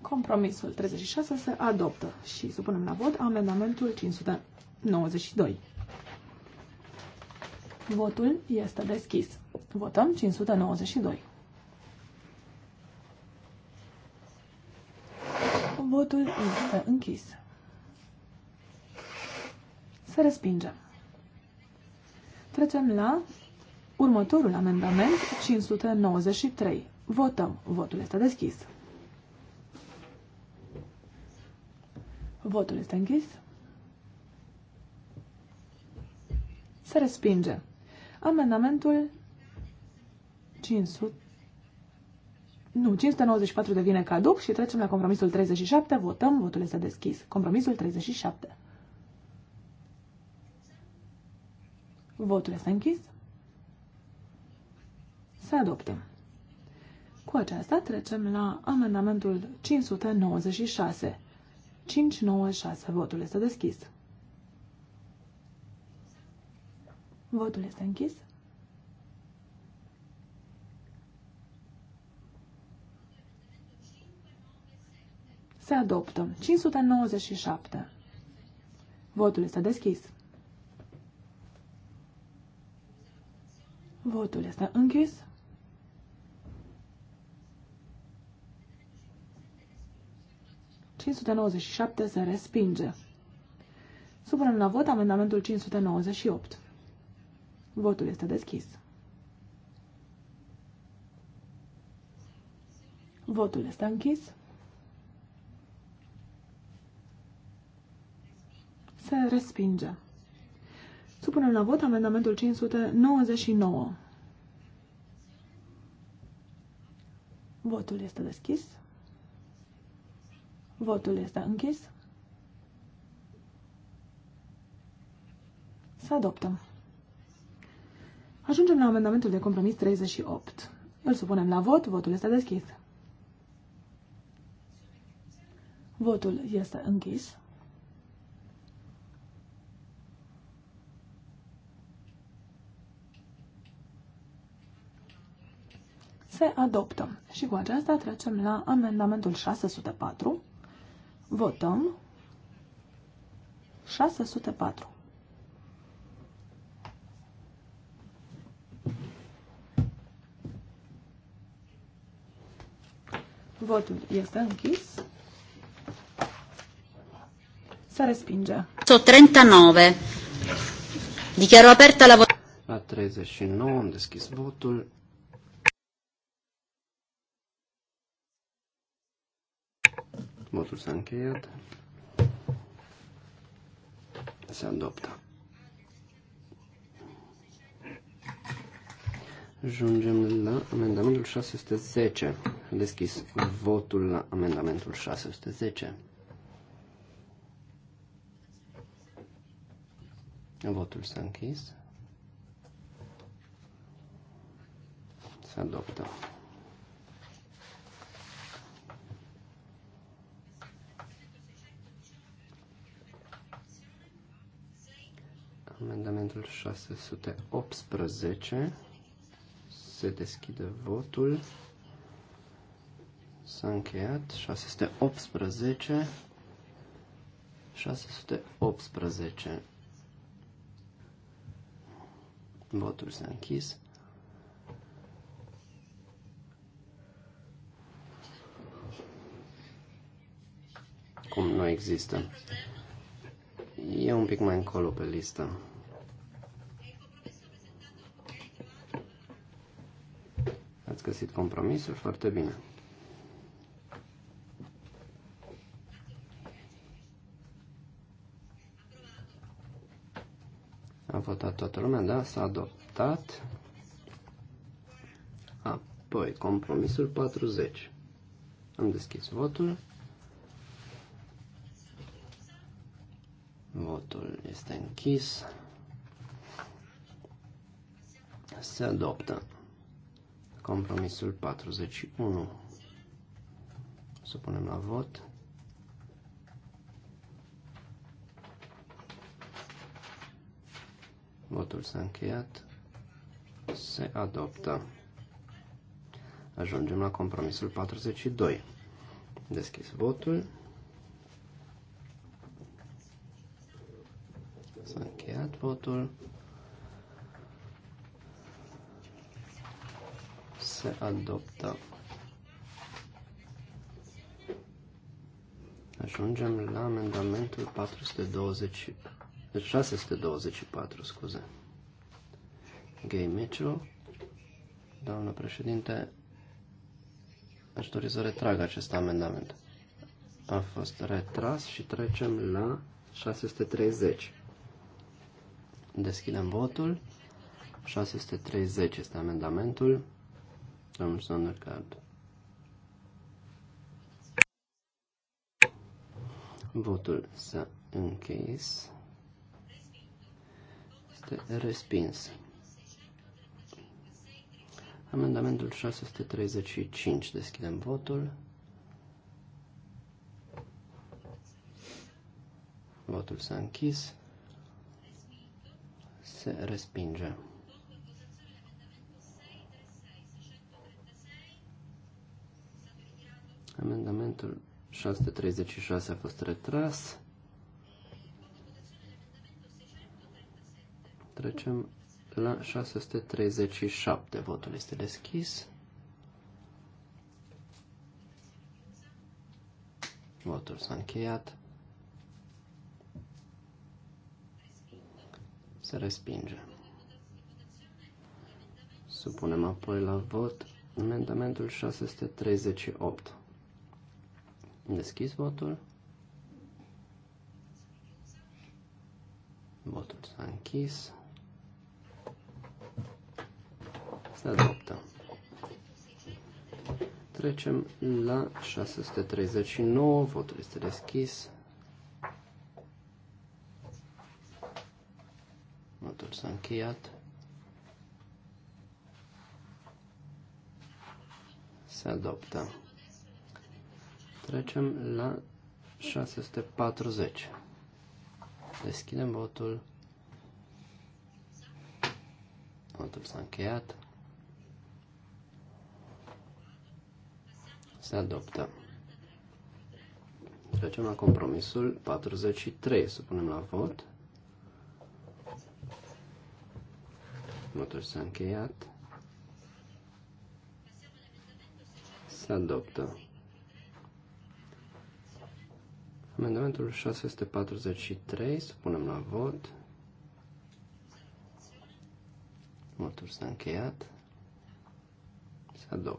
Compromisul 36 se adoptă și supunem la vot amendamentul 500. 92. Votul este deschis. Votăm 592. Votul este închis. Se respinge. Trecem la următorul amendament, 593. Votăm. Votul este deschis. Votul este închis. Se respinge. Amendamentul 500. Nu, 594 devine caduc și trecem la compromisul 37. Votăm, votul este deschis. Compromisul 37. Votul este închis. Se adoptă. Cu aceasta trecem la amendamentul 596. 596. Votul este deschis. Votul este închis. Se adoptă. 597. Votul este deschis. Votul este închis. se respinge. Supunem la vot amendamentul 598. Votul este deschis. Votul este închis. Se respinge. Supunem la vot amendamentul 599. Votul este deschis. Votul este închis. Să adoptăm. Ajungem la amendamentul de compromis 38. Îl supunem la vot. Votul este deschis. Votul este închis. Se adoptă. Și cu aceasta trecem la amendamentul 604. Votăm 604. Votul este închis. Se respinge. 39. Dichiaro aperta la votare. La 39 am deschis votul. Votul s-a încheiat. Se adoptă. Ajungem la amendamentul 610 deschis votul la amendamentul 610. Votul s-a închis. Se adoptă. Amendamentul 618 se deschide votul s-a încheiat, 618, 618. Votul s-a închis. Cum nu există. E un pic mai încolo pe listă. Ați găsit compromisul? Foarte bine. toată lumea, da? S-a adoptat. Apoi, compromisul 40. Am deschis votul. Votul este închis. Se adoptă compromisul 41. Să punem la vot. Votul s-a încheiat. Se adoptă. Ajungem la compromisul 42. Deschis votul. S-a încheiat votul. Se adoptă. Ajungem la amendamentul 424. Deci 624, scuze. Gay Mitchell, doamnă președinte, aș dori să retrag acest amendament. A fost retras și trecem la 630. Deschidem votul. 630 este amendamentul. Domnul Sondergaard. Votul s-a închis este respins. Amendamentul 635. Deschidem votul. Votul s-a închis. Se respinge. Amendamentul 636 a fost retras. Trecem la 637. Votul este deschis. Votul s-a încheiat. Se respinge. Supunem apoi la vot amendamentul 638. Deschis votul. Votul s-a închis. Se adoptă. Trecem la 639. Votul este deschis. Votul s-a încheiat. Se adoptă. Trecem la 640. Deschidem votul. Votul s-a încheiat. Se adoptă. Trecem la compromisul 43. Să punem la vot. Votul s-a încheiat. Se adoptă. Amendamentul 643, să punem la vot. Votul s-a încheiat. Se adoptă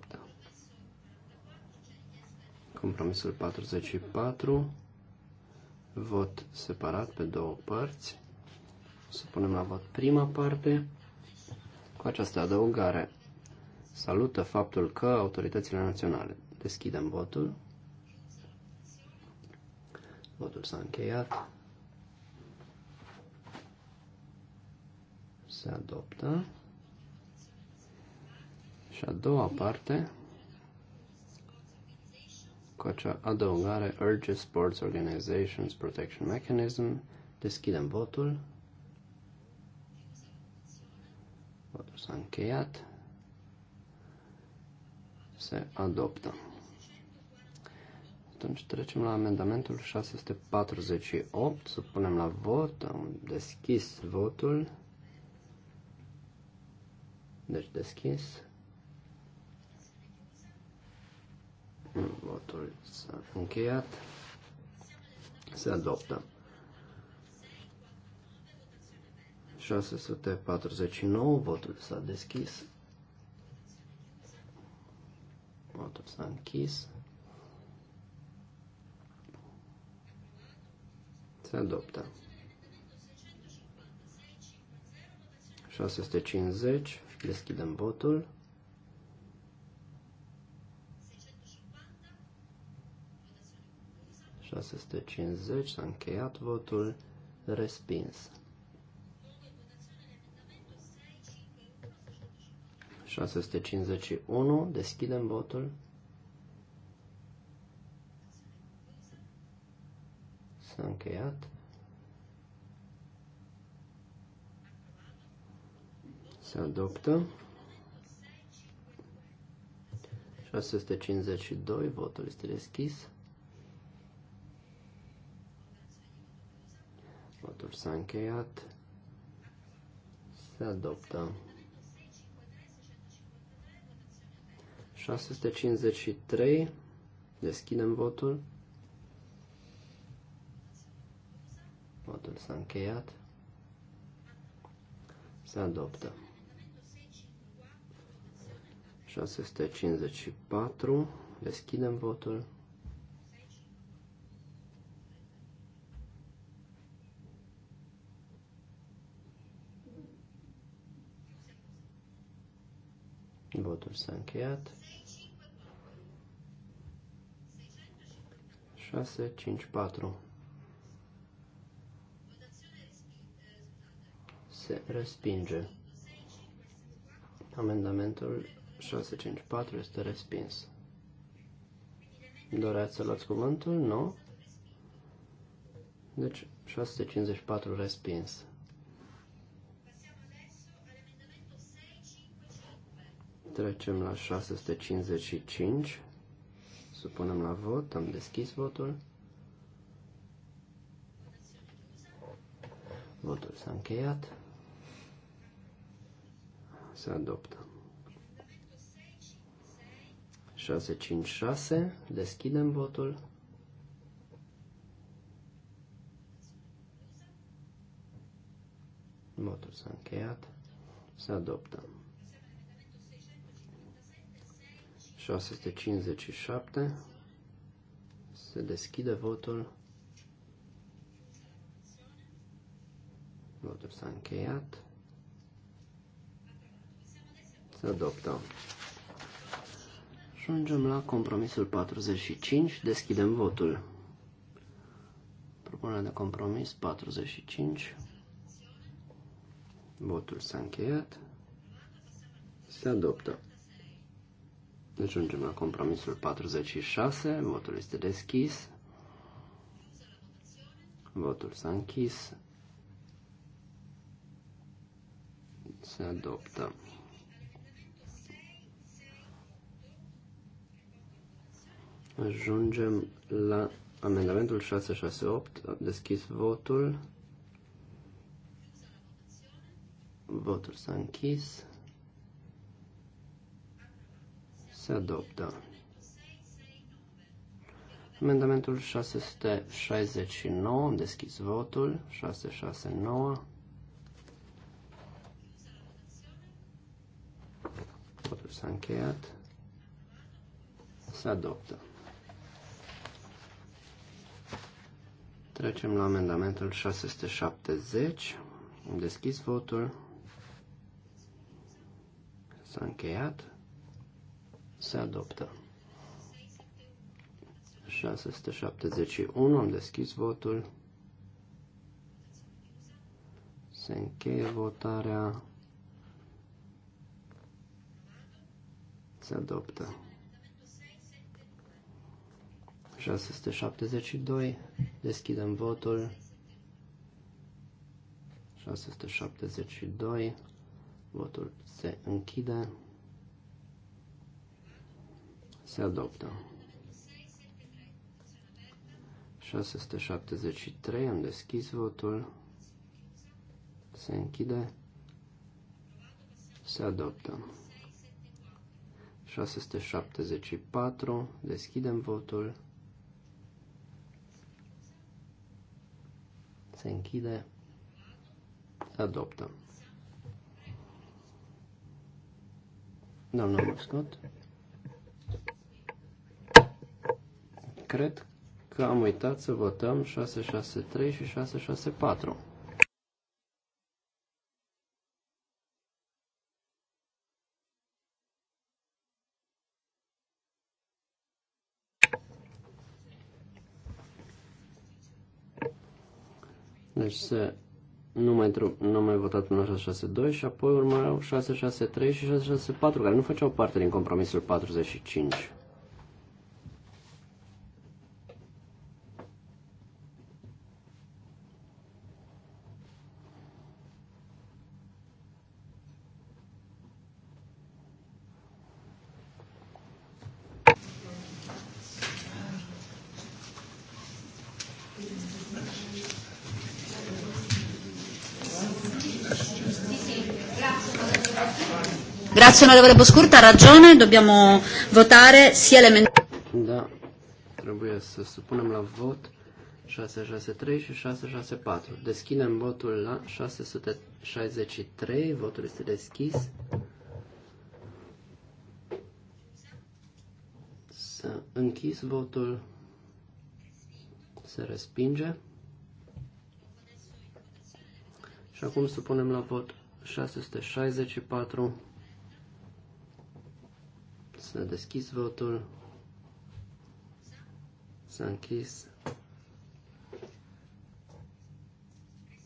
compromisul 44, vot separat pe două părți. Să punem la vot prima parte cu această adăugare. Salută faptul că autoritățile naționale deschidem votul. Votul s-a încheiat. Se adoptă. Și a doua parte cu acea adăugare Urges Sports Organizations Protection Mechanism. Deschidem votul. Votul s-a încheiat. Se adoptă. Atunci trecem la amendamentul 648. Să punem la vot. Am deschis votul. Deci deschis. Votul s-a încheiat. Se adoptă. 649, votul s-a deschis. Votul s-a închis. Se adoptă. 650, deschidem votul. 650, s-a încheiat votul, respins. 651, deschidem votul. S-a încheiat. Se adoptă. 652, votul este deschis. S-a încheiat. Se adoptă. 653. Deschidem votul. Votul s-a încheiat. Se adoptă. 654. Deschidem votul. totul s-a încheiat. 6, 5, 4. Se respinge. Amendamentul 654 este respins. Doreați să luați cuvântul? Nu? Deci 654 respins. Trecem la 655. Supunem la vot. Am deschis votul. Votul s-a încheiat. Se adoptă. 656. Deschidem votul. Votul s-a încheiat. Se adoptă. 657. Se deschide votul. Votul s-a încheiat. Se adoptă. Ajungem la compromisul 45. Deschidem votul. Propunerea de compromis 45. Votul s-a încheiat. Se adoptă. Deci ajungem la compromisul 46, votul este deschis, votul s-a închis, se adoptă. Ajungem la amendamentul 668, deschis votul, votul s-a închis, se adoptă. Amendamentul 669, am deschis votul, 669. Votul s-a încheiat. Se adoptă. Trecem la amendamentul 670. Am deschis votul. S-a încheiat se adoptă. 671, am deschis votul. Se încheie votarea. Se adoptă. 672, deschidem votul. 672, votul se închide. Se adoptă. 673. Am deschis votul. Se închide. Se adoptă. 674. Deschidem votul. Se închide. Adoptă. Domnul Scott. Cred că am uitat să votăm 663 și 664. Deci se, nu, mai, nu mai votat până 662 și apoi urmau 663 și 664, care nu făceau parte din compromisul 45. Grazie onorevole Boscurta, ha ragione, dobbiamo votare sia l'emendamento. Da, trebuie să supunem la vot 663 și 664. Deschidem votul la 663, votul este deschis. S-a închis votul, se respinge. Și acum supunem la vot 664. Să deschis votul. S-a închis.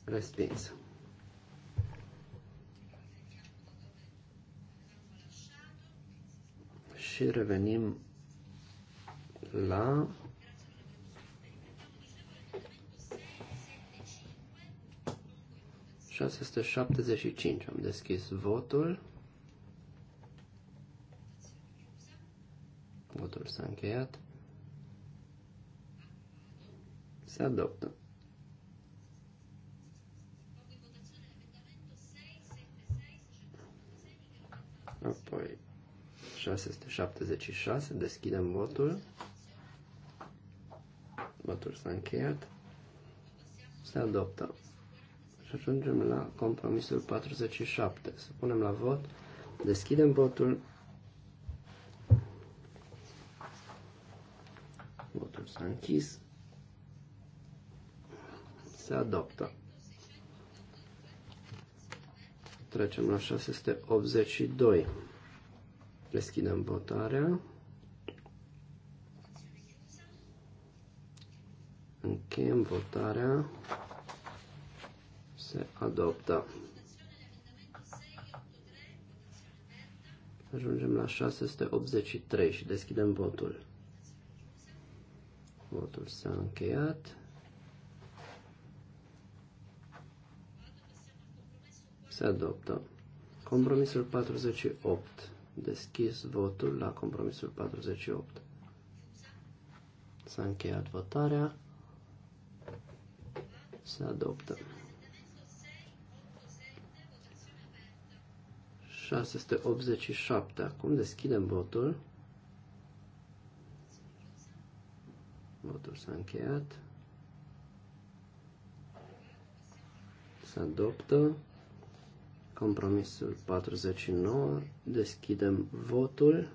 Respins. Și revenim la șase sute șaptezeci și cinci. Am deschis votul. S-a încheiat. Se adoptă. Apoi 676, deschidem votul. Votul s-a încheiat. Se adoptă. Și ajungem la compromisul 47. Să punem la vot. Deschidem votul. S-a închis. Se adoptă. Trecem la 682. Deschidem votarea. Încheiem votarea. Se adoptă. Ajungem la 683 și deschidem votul. Votul s-a încheiat. Se adoptă. Compromisul 48. Deschis votul la compromisul 48. S-a încheiat votarea. Se adoptă. 687. Acum deschidem votul. Votul s-a încheiat. Se adoptă. Compromisul 49. Deschidem votul.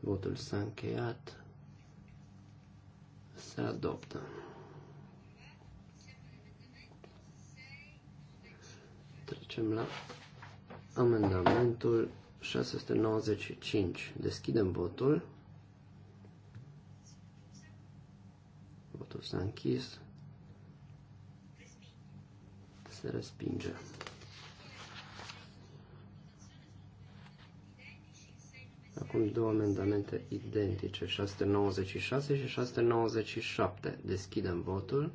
Votul s-a încheiat. Se adoptă. Trecem la amendamentul 695. Deschidem botul. Botul s-a închis. Se respinge. Acum două amendamente identice, 696 și 697. Deschidem votul.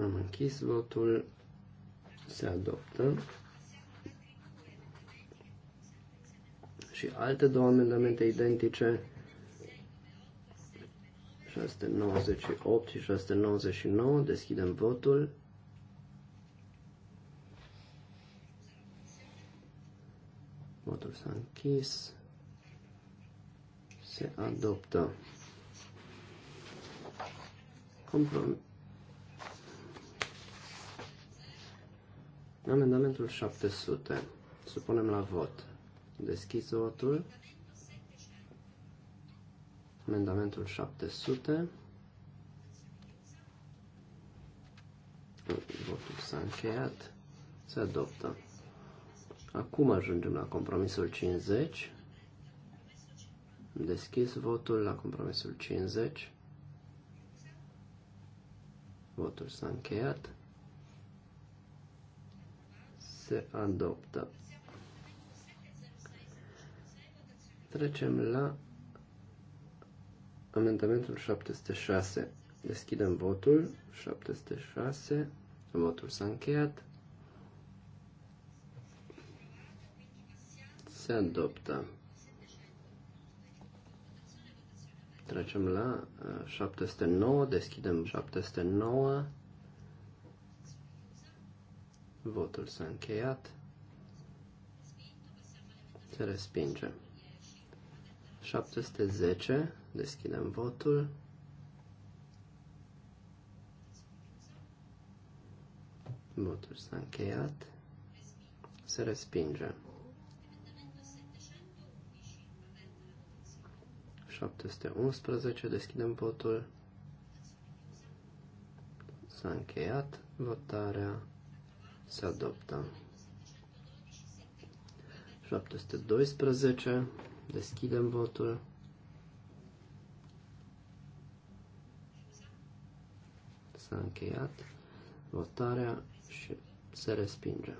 Am închis votul se adoptă. Și alte două amendamente identice, 698 și 699, deschidem votul. Votul s-a închis. Se adoptă. Compromis Amendamentul 700. Supunem la vot. Deschis votul. Amendamentul 700. Votul s-a încheiat. Se adoptă. Acum ajungem la compromisul 50. Deschis votul la compromisul 50. Votul s-a încheiat se adoptă. Trecem la amendamentul 706. Deschidem votul. 706. Votul s-a încheiat. Se adoptă. Trecem la 709. Uh, Deschidem 709. Votul s-a încheiat. Se respinge. 710. Deschidem votul. Votul s-a încheiat. Se respinge. 711. Deschidem votul. S-a încheiat votarea se adoptă. 712, deschidem votul. S-a încheiat votarea și se respinge.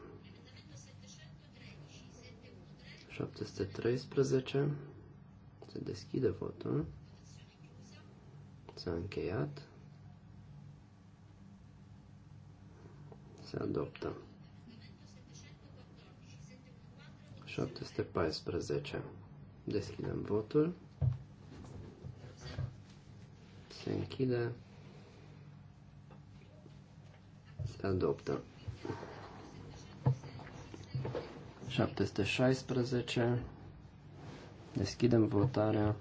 713, se deschide votul. S-a încheiat se adoptă. 714. Deschidem votul. Se închide. Se adoptă. 716. Deschidem votarea.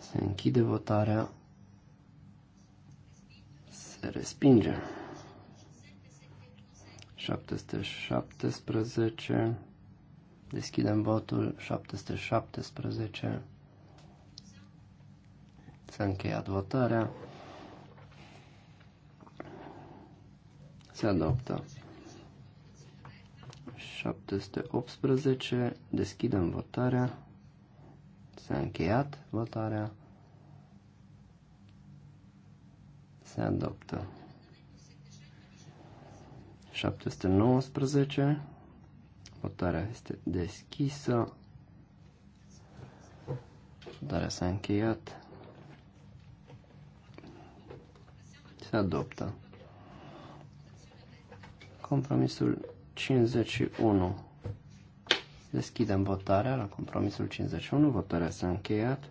Se închide votarea. Se respinge. 717. Deschidem votul 717. S-a încheiat votarea. Se adoptă. 718. Deschidem votarea. S-a încheiat votarea. Se adoptă. 719. Votarea este deschisă. Votarea s-a încheiat. Se adoptă. Compromisul 51. Deschidem votarea la compromisul 51. Votarea s-a încheiat.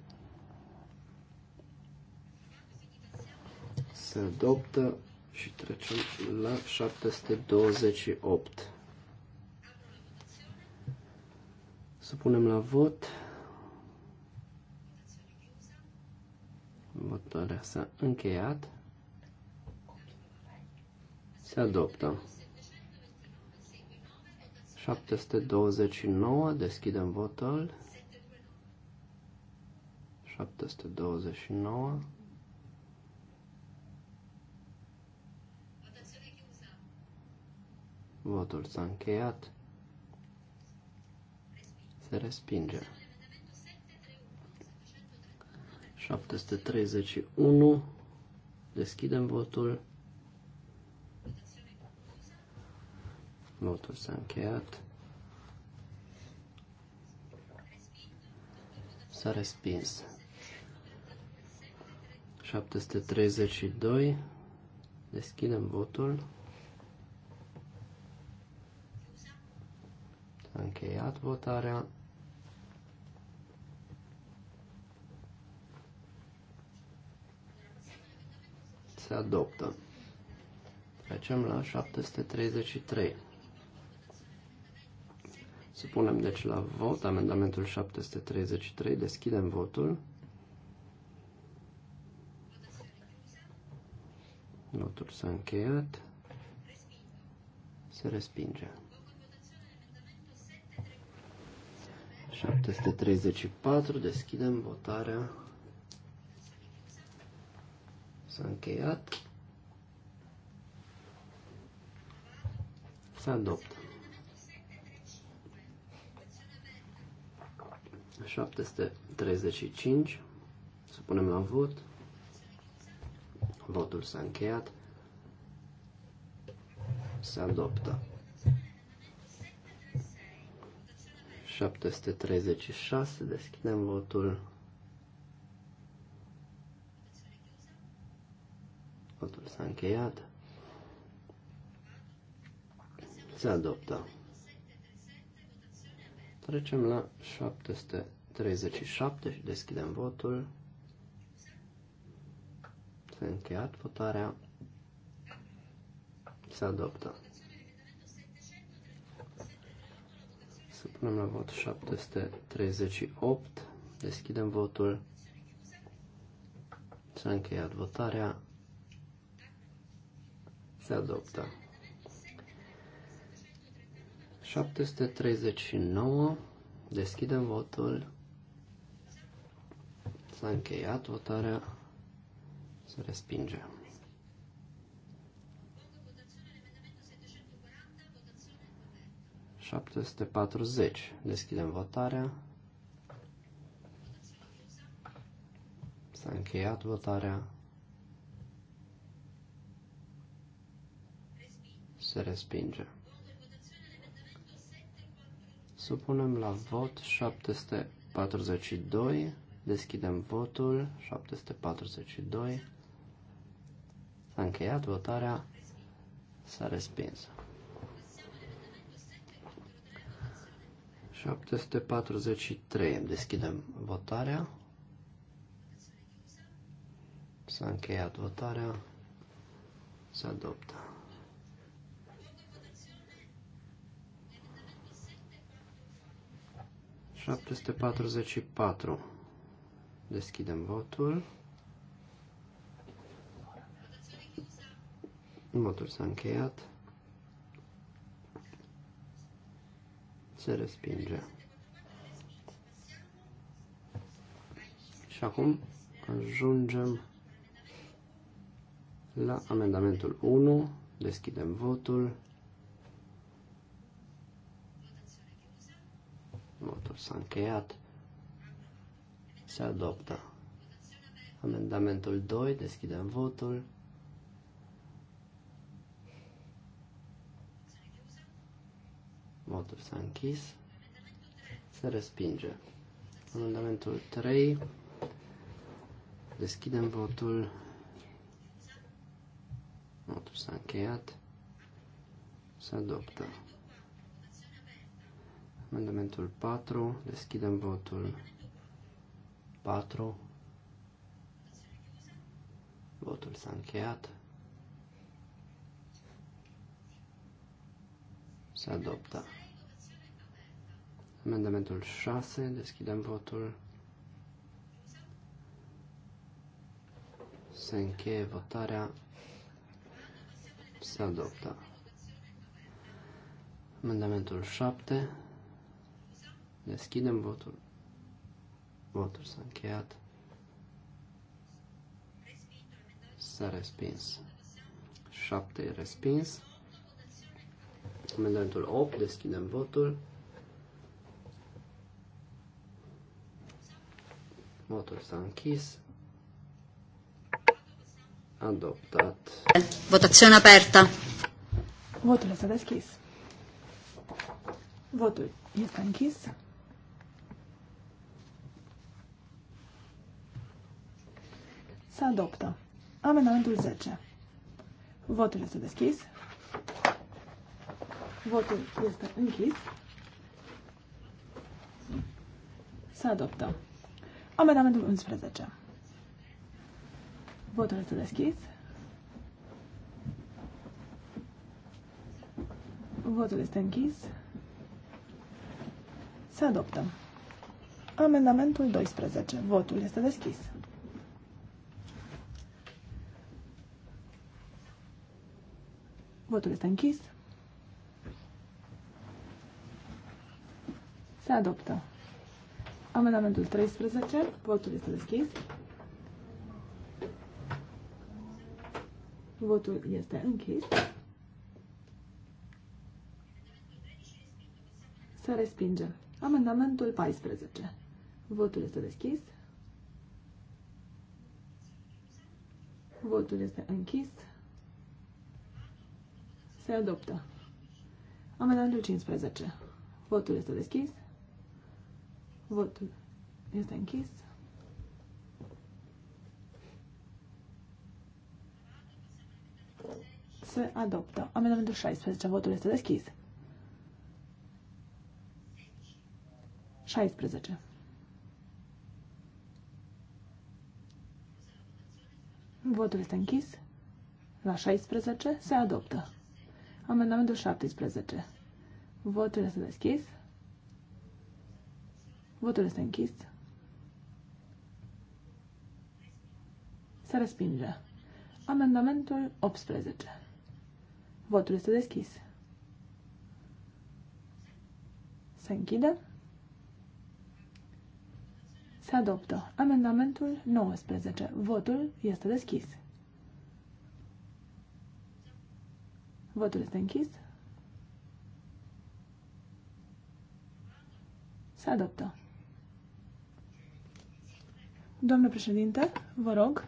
Se adoptă și trecem la 728. Să punem la vot. Votarea s-a încheiat. Se adoptă. 729, deschidem votul. 729. Votul s-a încheiat. Se respinge. 731. Deschidem votul. Votul s-a încheiat. S-a respins. 732. Deschidem votul. încheiat votarea. Se adoptă. Trecem la 733. Supunem deci la vot amendamentul 733, deschidem votul. Votul s-a încheiat. Se respinge. 734, deschidem votarea. S-a încheiat. S-a adoptat. 735. Să punem la vot. Votul s-a încheiat. Se adoptă. 736. Deschidem votul. Votul s-a încheiat. Se adoptă. Trecem la 737 și deschidem votul. S-a încheiat votarea. Se adoptă. Să punem la vot 738. Deschidem votul. S-a încheiat votarea. Se adoptă. 739. Deschidem votul. S-a încheiat votarea. Se respinge. 740. Deschidem votarea. S-a încheiat votarea. Se respinge. Supunem la vot 742. Deschidem votul 742. S-a încheiat votarea. S-a respins. 743. Deschidem votarea. S-a încheiat votarea. Se adoptă. Șapteste patruzeci patru. Deschidem votul. Votul s-a încheiat. se respinge. Și acum ajungem la amendamentul 1, deschidem votul. Votul s-a încheiat. Se adoptă. Amendamentul 2, deschidem votul. modul s-a închis. Se respinge. Amendamentul 3. Deschidem votul. modul s-a încheiat. Se adoptă. Amendamentul 4. Deschidem votul. 4. Votul s-a încheiat. Se adoptă. Amendamentul 6, deschidem votul. Se încheie votarea. Se adoptă. Amendamentul 7. Deschidem votul. Votul s-a încheiat. S-a respins. 7 e respins. Amendamentul 8. Deschidem votul. Votul s-a închis. Adoptat. Votazione aperta. Votul s-a deschis. Votul este închis. Se adoptă. Amendamentul 10. Votul este deschis. Votul este închis. Se adoptă. Amendamentul 11. Votul este deschis. Votul este închis. Se adoptă. Amendamentul 12. Votul este deschis. Votul este închis. Se adoptă. Amendamentul 13. Votul este deschis. Votul este închis. Se respinge. Amendamentul 14. Votul este deschis. Votul este închis. Se adoptă. Amendamentul 15. Votul este deschis. Votul este închis. Se adoptă. Amendamentul 16. Votul este deschis. 16. Votul este închis. La 16 se adoptă. Amendamentul 17. Votul este deschis. Votul este închis. Se respinge. Amendamentul 18. Votul este deschis. Se închide. Se adoptă. Amendamentul 19. Votul este deschis. Votul este închis. Se adoptă. Doamne președinte, vă rog,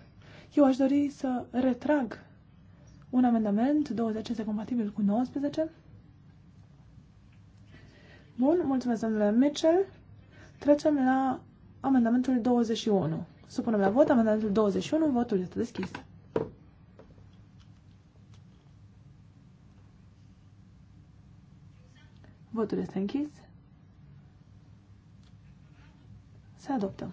eu aș dori să retrag un amendament, 20 este compatibil cu 19. Bun, mulțumesc, domnule Mitchell. Trecem la amendamentul 21. Supunem la vot amendamentul 21, votul este deschis. Votul este închis. Se adoptă.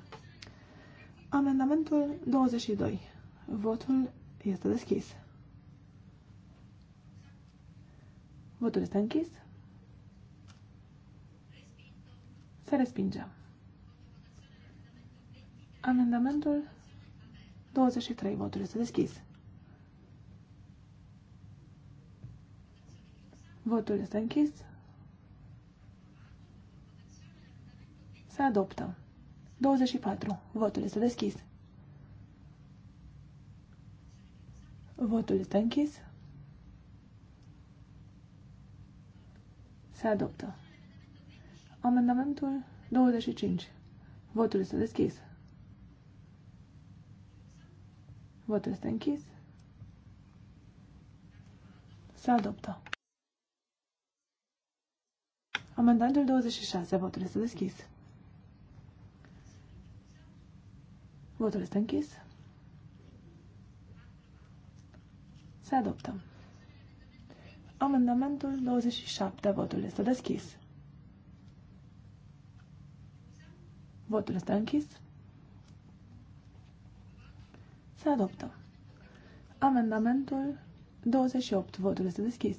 Amendamentul 22. Votul este deschis. Votul este închis. Se respinge. Amendamentul 23. Votul este deschis. Votul este închis. Se adoptă. 24. Votul este deschis. Votul este închis. Se adoptă. Amendamentul 25. Votul este deschis. Votul este închis. Se adoptă. Amendamentul 26. Votul este deschis. Votul este închis. Se adoptă. Amendamentul 27. Votul este deschis. Votul este închis. Se adoptă. Amendamentul 28. Votul este deschis.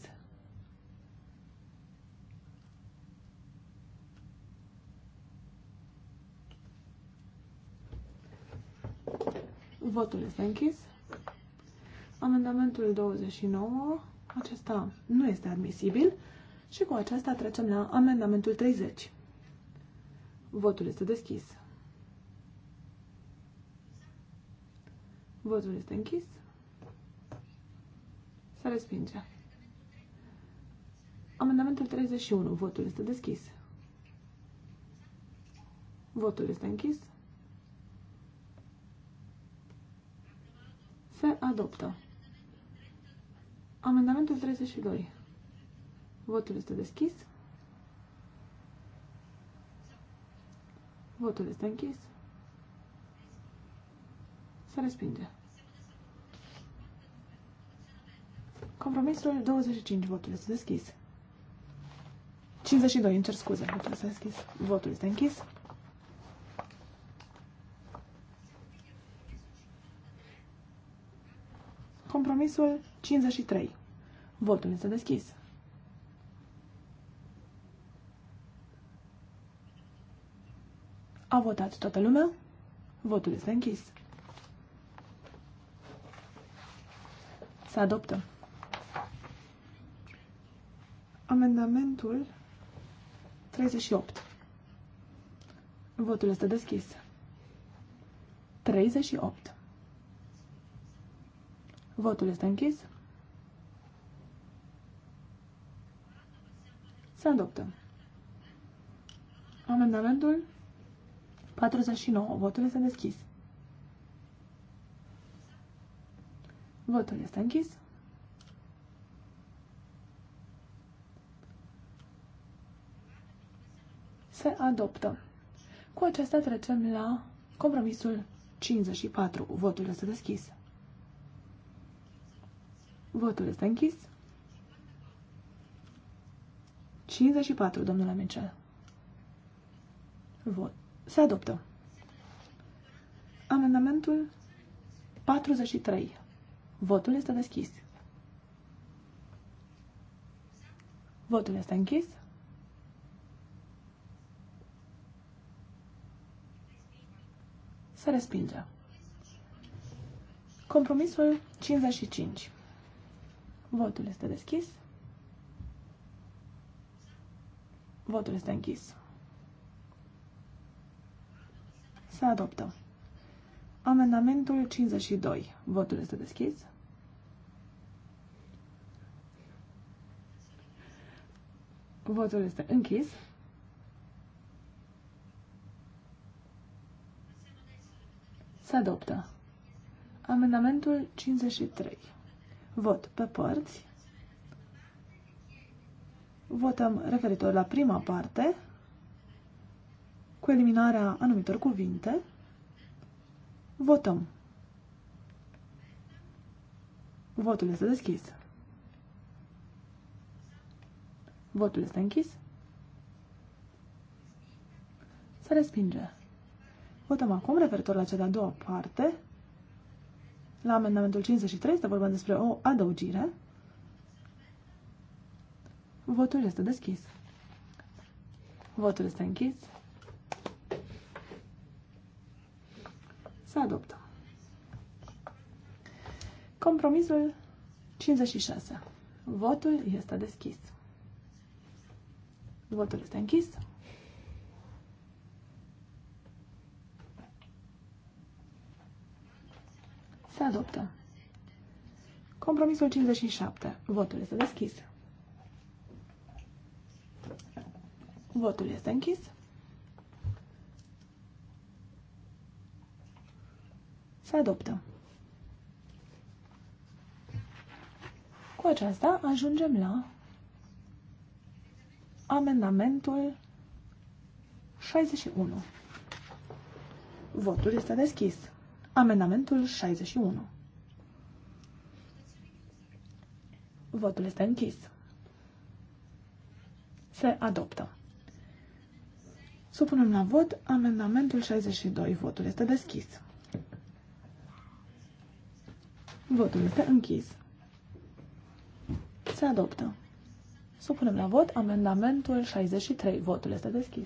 Votul este închis. Amendamentul 29, acesta nu este admisibil și cu acesta trecem la amendamentul 30. Votul este deschis. Votul este închis. Se respinge. Amendamentul 31. Votul este deschis. Votul este închis. Se adoptă. Amendamentul 32. Votul este deschis. Votul este închis. Se respinge. Compromisul 25. Votul este deschis. 52. Încerc scuze. Votul este deschis. Votul este închis. compromisul 53. Votul este deschis. A votat toată lumea? Votul este închis. Se adoptă. Amendamentul 38. Votul este deschis. 38. Votul este închis. Se adoptă. Amendamentul 49. Votul este deschis. Votul este închis. Se adoptă. Cu acesta trecem la compromisul 54. Votul este deschis. Votul este închis. 54, domnule Mincel. Vot. Se adoptă. Amendamentul 43. Votul este deschis. Votul este închis. Se respinge. Compromisul 55. Votul este deschis. Votul este închis. Se adoptă. Amendamentul 52. Votul este deschis. Votul este închis. Se adoptă. Amendamentul 53. Vot pe părți. Votăm referitor la prima parte cu eliminarea anumitor cuvinte. Votăm. Votul este deschis. Votul este închis. Se respinge. Votăm acum referitor la cea de-a doua parte la amendamentul 53 este vorba despre o adăugire. Votul este deschis. Votul este închis. Se adoptă. Compromisul 56. Votul este deschis. Votul este închis. Se adoptă. Compromisul 57. Votul este deschis. Votul este închis. Se adoptă. Cu aceasta ajungem la amendamentul 61. Votul este deschis. Amendamentul 61. Votul este închis. Se adoptă. Supunem la vot amendamentul 62. Votul este deschis. Votul este închis. Se adoptă. Supunem la vot amendamentul 63. Votul este deschis.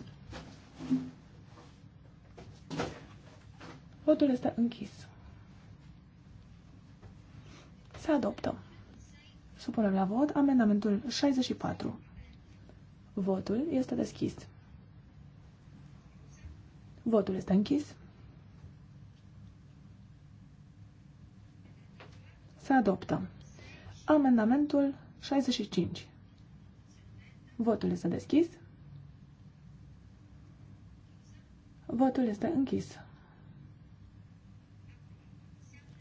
Votul este închis. Se adoptă. Supunem la vot amendamentul 64. Votul este deschis. Votul este închis. Se adoptă. Amendamentul 65. Votul este deschis. Votul este închis.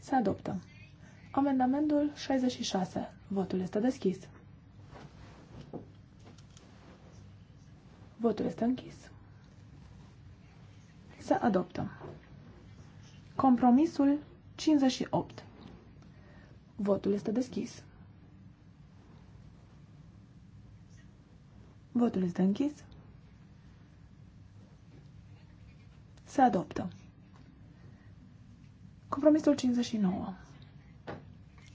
Se adoptă. Amendamentul 66. Votul este deschis. Votul este închis. Se adoptă. Compromisul 58. Votul este deschis. Votul este închis. Se adoptă. Compromisul 59.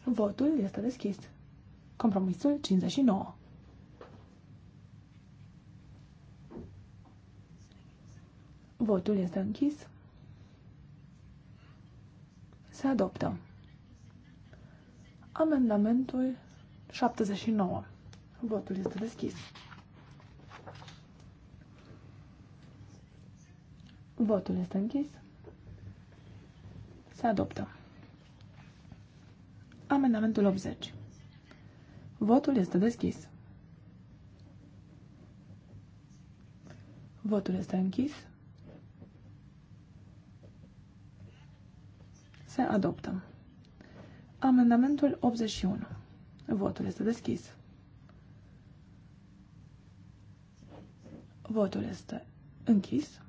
Votul este deschis. Compromisul 59. Votul este închis. Se adoptă. Amendamentul 79. Votul este deschis. Votul este închis. Se adoptă. Amendamentul 80. Votul este deschis. Votul este închis. Se adoptă. Amendamentul 81. Votul este deschis. Votul este închis.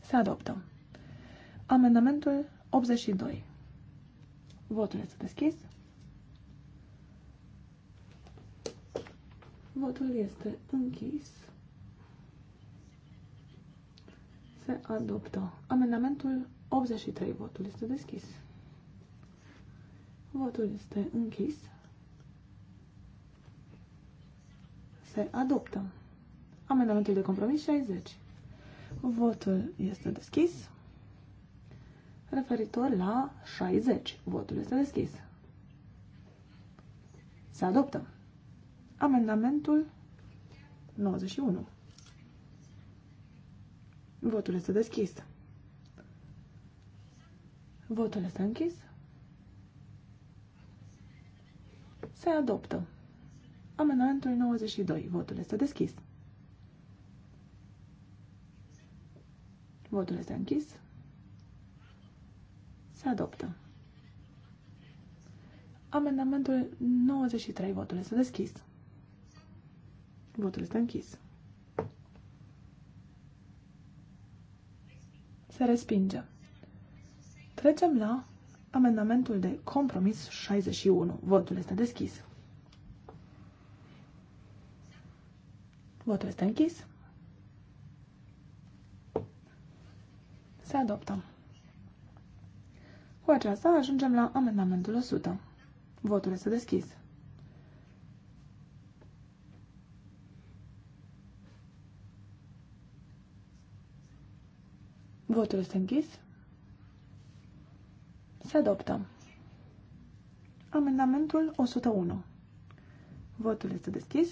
Se adoptă. Amendamentul 82. Votul este deschis. Votul este închis. Se adoptă. Amendamentul 83. Votul este deschis. Votul este închis. Se adoptă. Amendamentul de compromis 60. Votul este deschis referitor la 60. Votul este deschis. Se adoptă. Amendamentul 91. Votul este deschis. Votul este închis. Se adoptă. Amendamentul 92. Votul este deschis. Votul este închis. Se adoptă. Amendamentul 93. Votul este deschis. Votul este închis. Se respinge. Trecem la amendamentul de compromis 61. Votul este deschis. Votul este închis. Se adoptă. Cu aceasta ajungem la amendamentul 100. Votul este deschis. Votul este închis. Se adoptă. Amendamentul 101. Votul este deschis.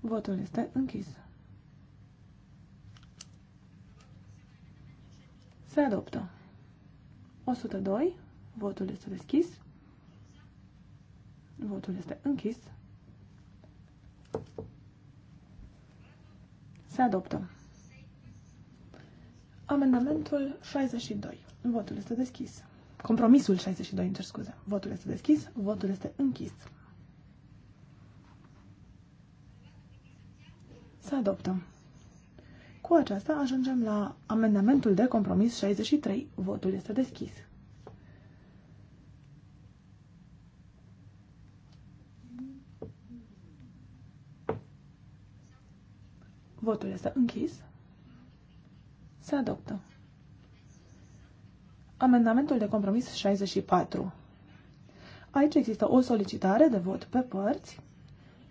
Votul este închis. Se adoptă. 102. Votul este deschis. Votul este închis. Se adoptă. Amendamentul 62. Votul este deschis. Compromisul 62, încerc scuze. Votul este deschis, votul este închis. Se adoptă. Cu aceasta ajungem la amendamentul de compromis 63. Votul este deschis. Votul este închis. Se adoptă. Amendamentul de compromis 64. Aici există o solicitare de vot pe părți.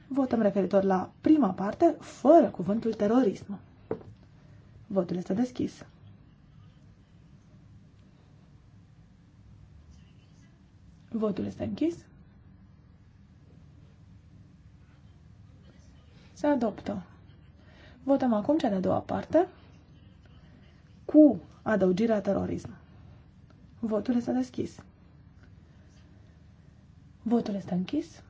Votăm referitor la prima parte, fără cuvântul terorism. Votul este deschis. Votul este închis. Se adoptă. Votăm acum cea de-a doua parte cu adăugirea terorism. Votul este deschis. Votul este închis.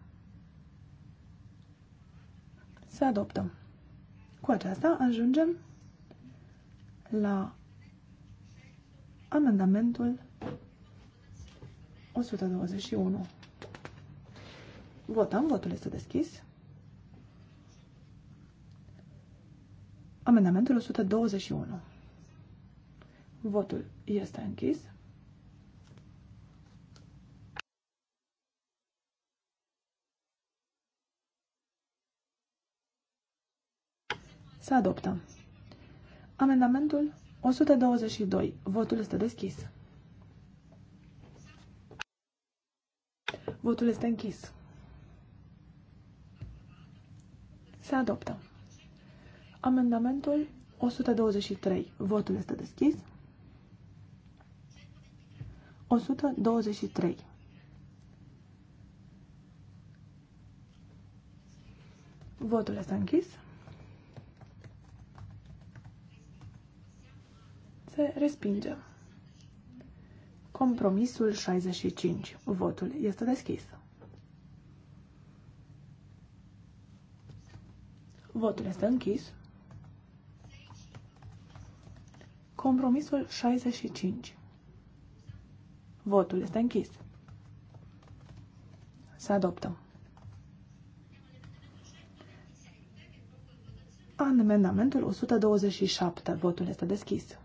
Se adoptă. Cu aceasta ajungem la amendamentul 121. Votăm, votul este deschis. Amendamentul 121. Votul este închis. Să adoptăm. Amendamentul 122. Votul este deschis. Votul este închis. Se adoptă. Amendamentul 123. Votul este deschis. 123. Votul este închis. Se respinge. Compromisul 65. Votul este deschis. Votul este închis. Compromisul 65. Votul este închis. Se adoptă. Amendamentul 127. Votul este deschis.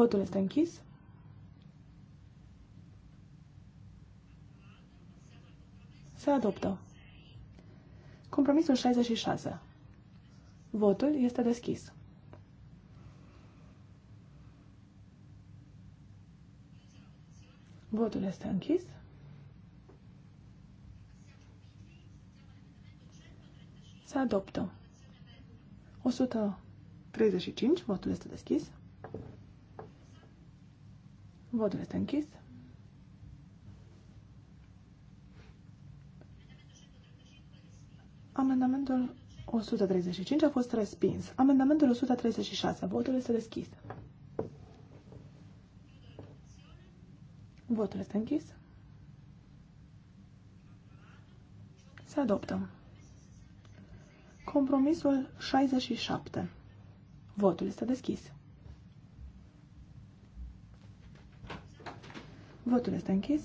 Votul este închis. Se adoptă. Compromisul 66. Votul este deschis. Votul este închis. Se adoptă. 135. Votul este deschis. Votul este închis. Amendamentul 135 a fost respins. Amendamentul 136. Votul este deschis. Votul este închis. Se adoptă. Compromisul 67. Votul este deschis. Votul este închis.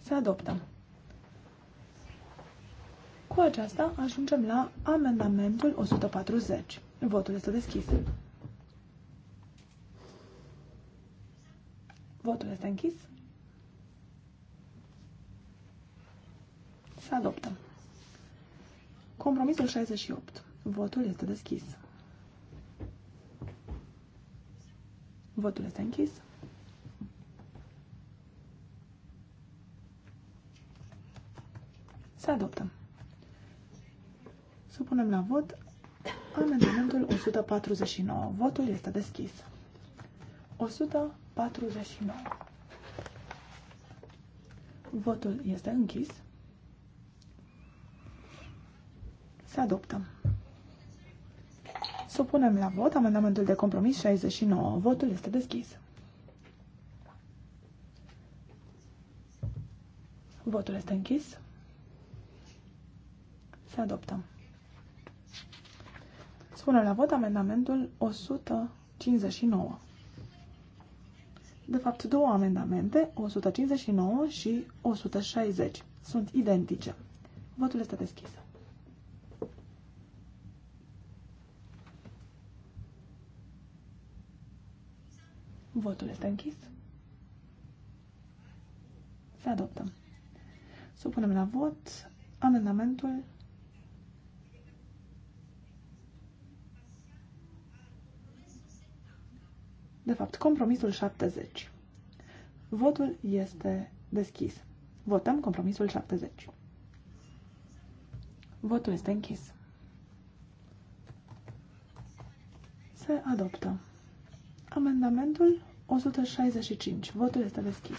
Se adoptă. Cu aceasta ajungem la amendamentul 140. Votul este deschis. Votul este închis. Se adoptă. Compromisul 68. Votul este deschis. Votul este închis. Se adoptă. Supunem la vot amendamentul 149. Votul este deschis. 149. Votul este închis. Se adoptă. Supunem la vot amendamentul de compromis 69. Votul este deschis. Votul este închis. Se adoptă. Supunem la vot amendamentul 159. De fapt, două amendamente, 159 și 160, sunt identice. Votul este deschis. Votul este închis. Se adoptă. Supunem la vot amendamentul De fapt, compromisul 70. Votul este deschis. Votăm compromisul 70. Votul este închis. Se adoptă. Amendamentul 165. Votul este deschis.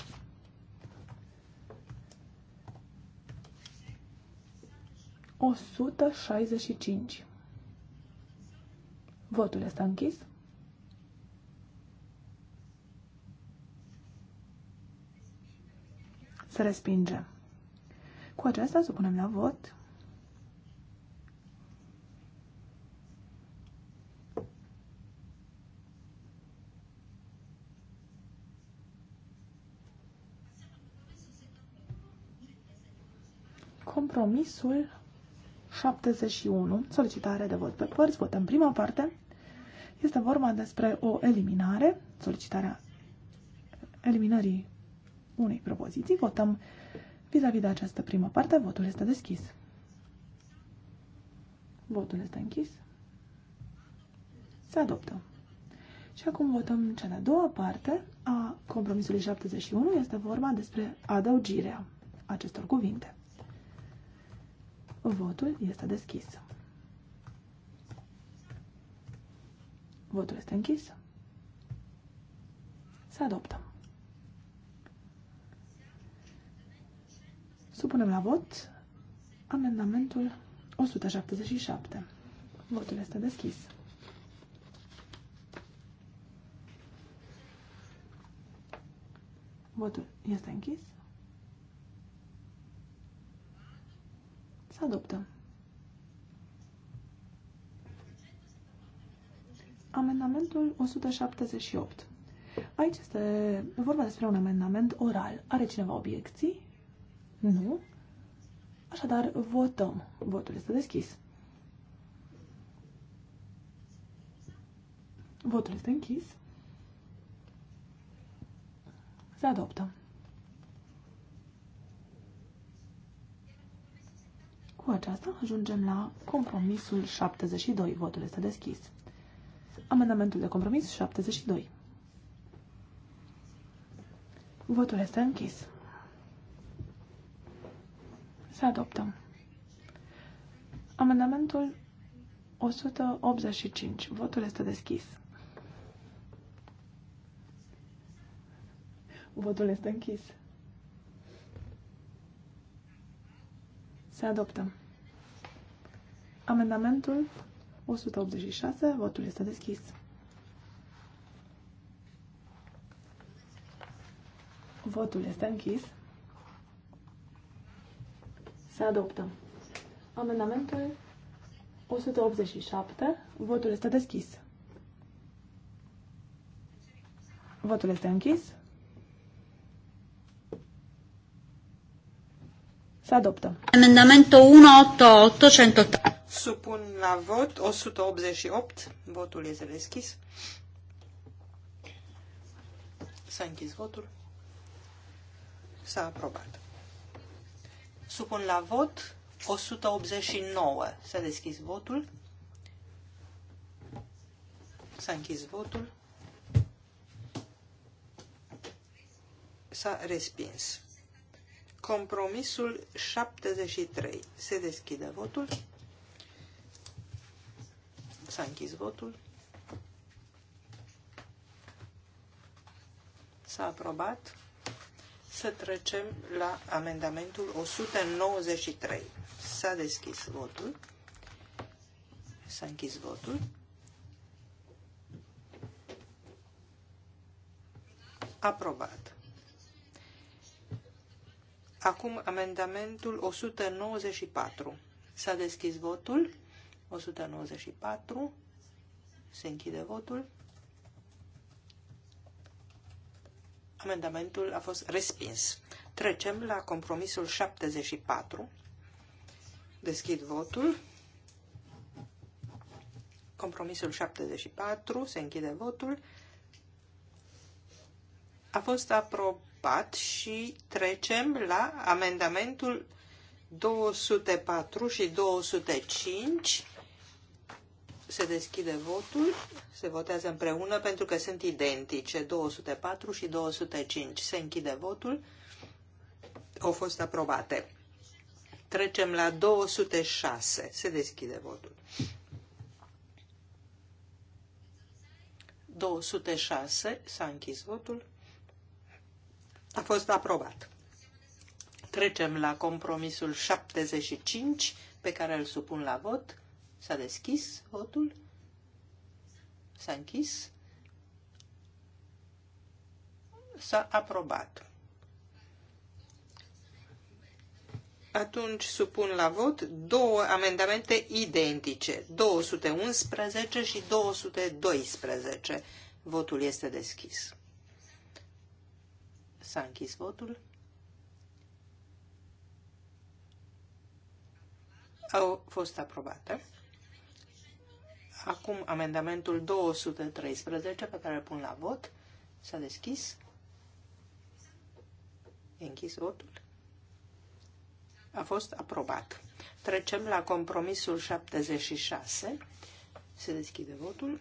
O sută șaizeci și cinci. Votul este închis. Se respinge. Cu aceasta supunem la vot Compromisul 71, solicitare de vot pe părți, votăm prima parte. Este vorba despre o eliminare, solicitarea eliminării unei propoziții. Votăm vis-a-vis -vis de această primă parte, votul este deschis. Votul este închis. Se adoptă. Și acum votăm cea de-a doua parte a compromisului 71. Este vorba despre adăugirea acestor cuvinte. Votul este deschis. Votul este închis. Se adoptă. Supunem la vot amendamentul 177. Votul este deschis. Votul este închis. Să adoptăm Amendamentul 178. Aici este vorba despre un amendament oral. Are cineva obiecții? Nu. Așadar, votăm. Votul este deschis. Votul este închis. Se adoptă. Cu aceasta ajungem la compromisul 72. Votul este deschis. Amendamentul de compromis 72. Votul este închis. Se adoptă. Amendamentul 185. Votul este deschis. Votul este închis. Se adoptă. Amendamentul 186. Votul este deschis. Votul este închis. Se adoptă. Amendamentul 187. Votul este deschis. Votul este închis. Se adoptă. Amendamentul 188. Supun la vot 188. Votul este deschis. S-a închis votul. S-a aprobat. Supun la vot 189. S-a deschis votul. S-a închis votul. S-a respins. Compromisul 73. Se deschide votul. S-a închis votul. S-a aprobat. Să trecem la amendamentul 193. S-a deschis votul. S-a închis votul. Aprobat. Acum amendamentul 194. S-a deschis votul. 194. Se închide votul. Amendamentul a fost respins. Trecem la compromisul 74. Deschid votul. Compromisul 74. Se închide votul. A fost aprobat scăpat și trecem la amendamentul 204 și 205. Se deschide votul, se votează împreună pentru că sunt identice 204 și 205. Se închide votul, au fost aprobate. Trecem la 206. Se deschide votul. 206. S-a închis votul a fost aprobat. Trecem la compromisul 75, pe care îl supun la vot. S-a deschis votul. S-a închis. S-a aprobat. Atunci supun la vot două amendamente identice, 211 și 212. Votul este deschis. S-a închis votul. a fost aprobată. Acum amendamentul 213 pe care îl pun la vot. S-a deschis. E închis votul. A fost aprobat. Trecem la compromisul 76. Se deschide votul.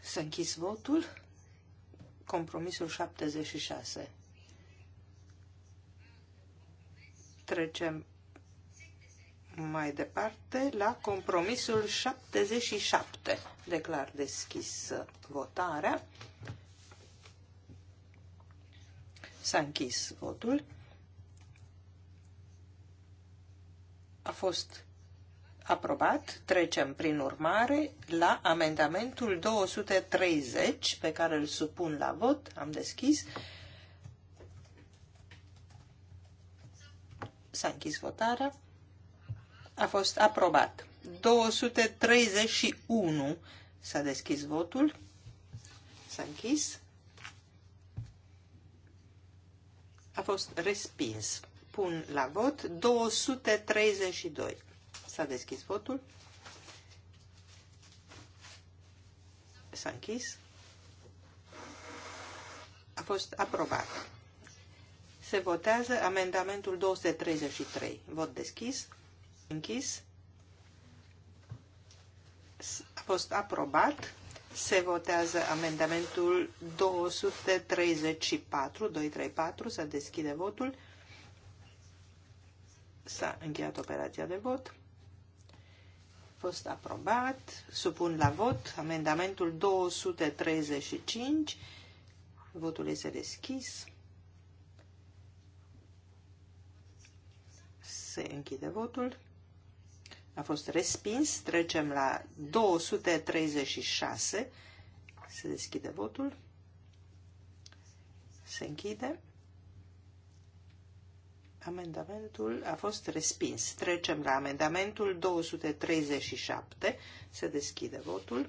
S-a închis votul compromisul 76. Trecem mai departe la compromisul 77. Declar deschis votarea. S-a închis votul. A fost Aprobat. Trecem prin urmare la amendamentul 230 pe care îl supun la vot. Am deschis. S-a închis votarea. A fost aprobat. 231 s-a deschis votul. S-a închis. A fost respins. Pun la vot 232. S-a deschis votul. S-a închis. A fost aprobat. Se votează amendamentul 233. Vot deschis. Închis. A fost aprobat. Se votează amendamentul 234. 234. Să deschide votul. S-a încheiat operația de vot fost aprobat. Supun la vot amendamentul 235. Votul este deschis. Se închide votul. A fost respins. Trecem la 236. Se deschide votul. Se închide. Amendamentul a fost respins. Trecem la amendamentul 237. Se deschide votul.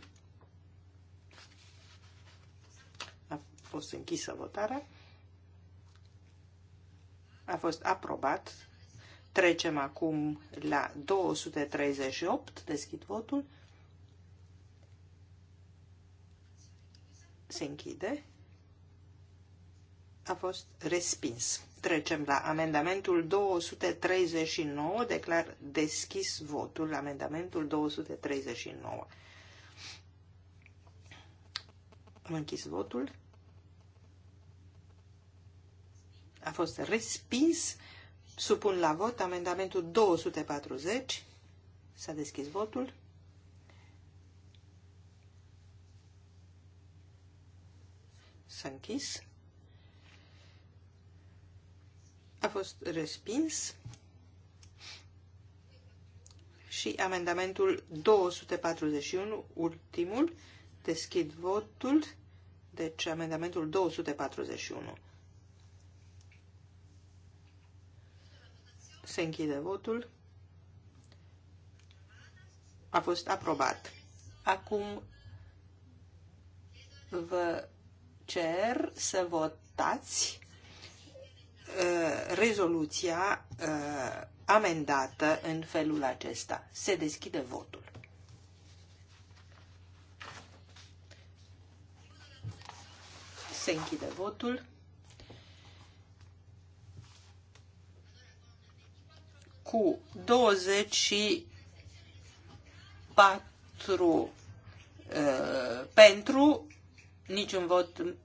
A fost închisă votarea. A fost aprobat. Trecem acum la 238. Deschid votul. Se închide a fost respins. Trecem la amendamentul 239. Declar deschis votul la amendamentul 239. Am închis votul. A fost respins. Supun la vot amendamentul 240. S-a deschis votul. S-a închis. a fost respins și amendamentul 241, ultimul, deschid votul, deci amendamentul 241. Se închide votul. A fost aprobat. Acum vă cer să votați Uh, rezoluția uh, amendată în felul acesta. Se deschide votul. Se închide votul. Cu 24 uh, pentru, niciun vot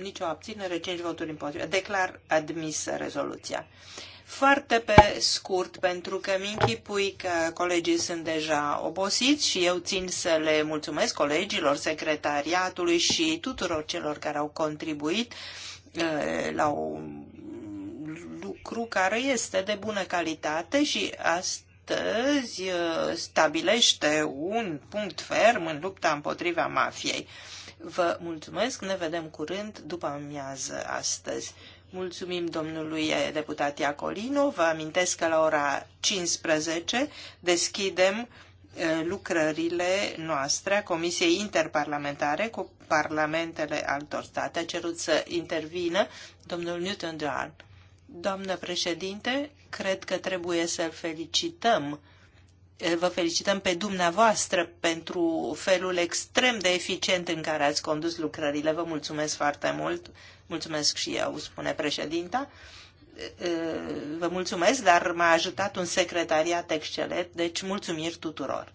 nicio abținere, 5 voturi împotrivă. Declar admisă rezoluția. Foarte pe scurt, pentru că mi-închipui că colegii sunt deja obosiți și eu țin să le mulțumesc colegilor, secretariatului și tuturor celor care au contribuit uh, la un lucru care este de bună calitate și asta astăzi uh, stabilește un punct ferm în lupta împotriva mafiei. Vă mulțumesc, ne vedem curând după amiază astăzi. Mulțumim domnului deputat Iacolino. Vă amintesc că la ora 15 deschidem lucrările noastre a Comisiei Interparlamentare cu parlamentele altor state. A cerut să intervină domnul Newton Doan. Doamnă președinte, cred că trebuie să-l felicităm Eh, vă felicităm pe dumneavoastră pentru felul extrem de eficient în care ați condus lucrările. Vă mulțumesc foarte mult. Mulțumesc și eu, spune președinta. Eh, vă mulțumesc, dar m-a ajutat un secretariat excelent, deci mulțumiri tuturor.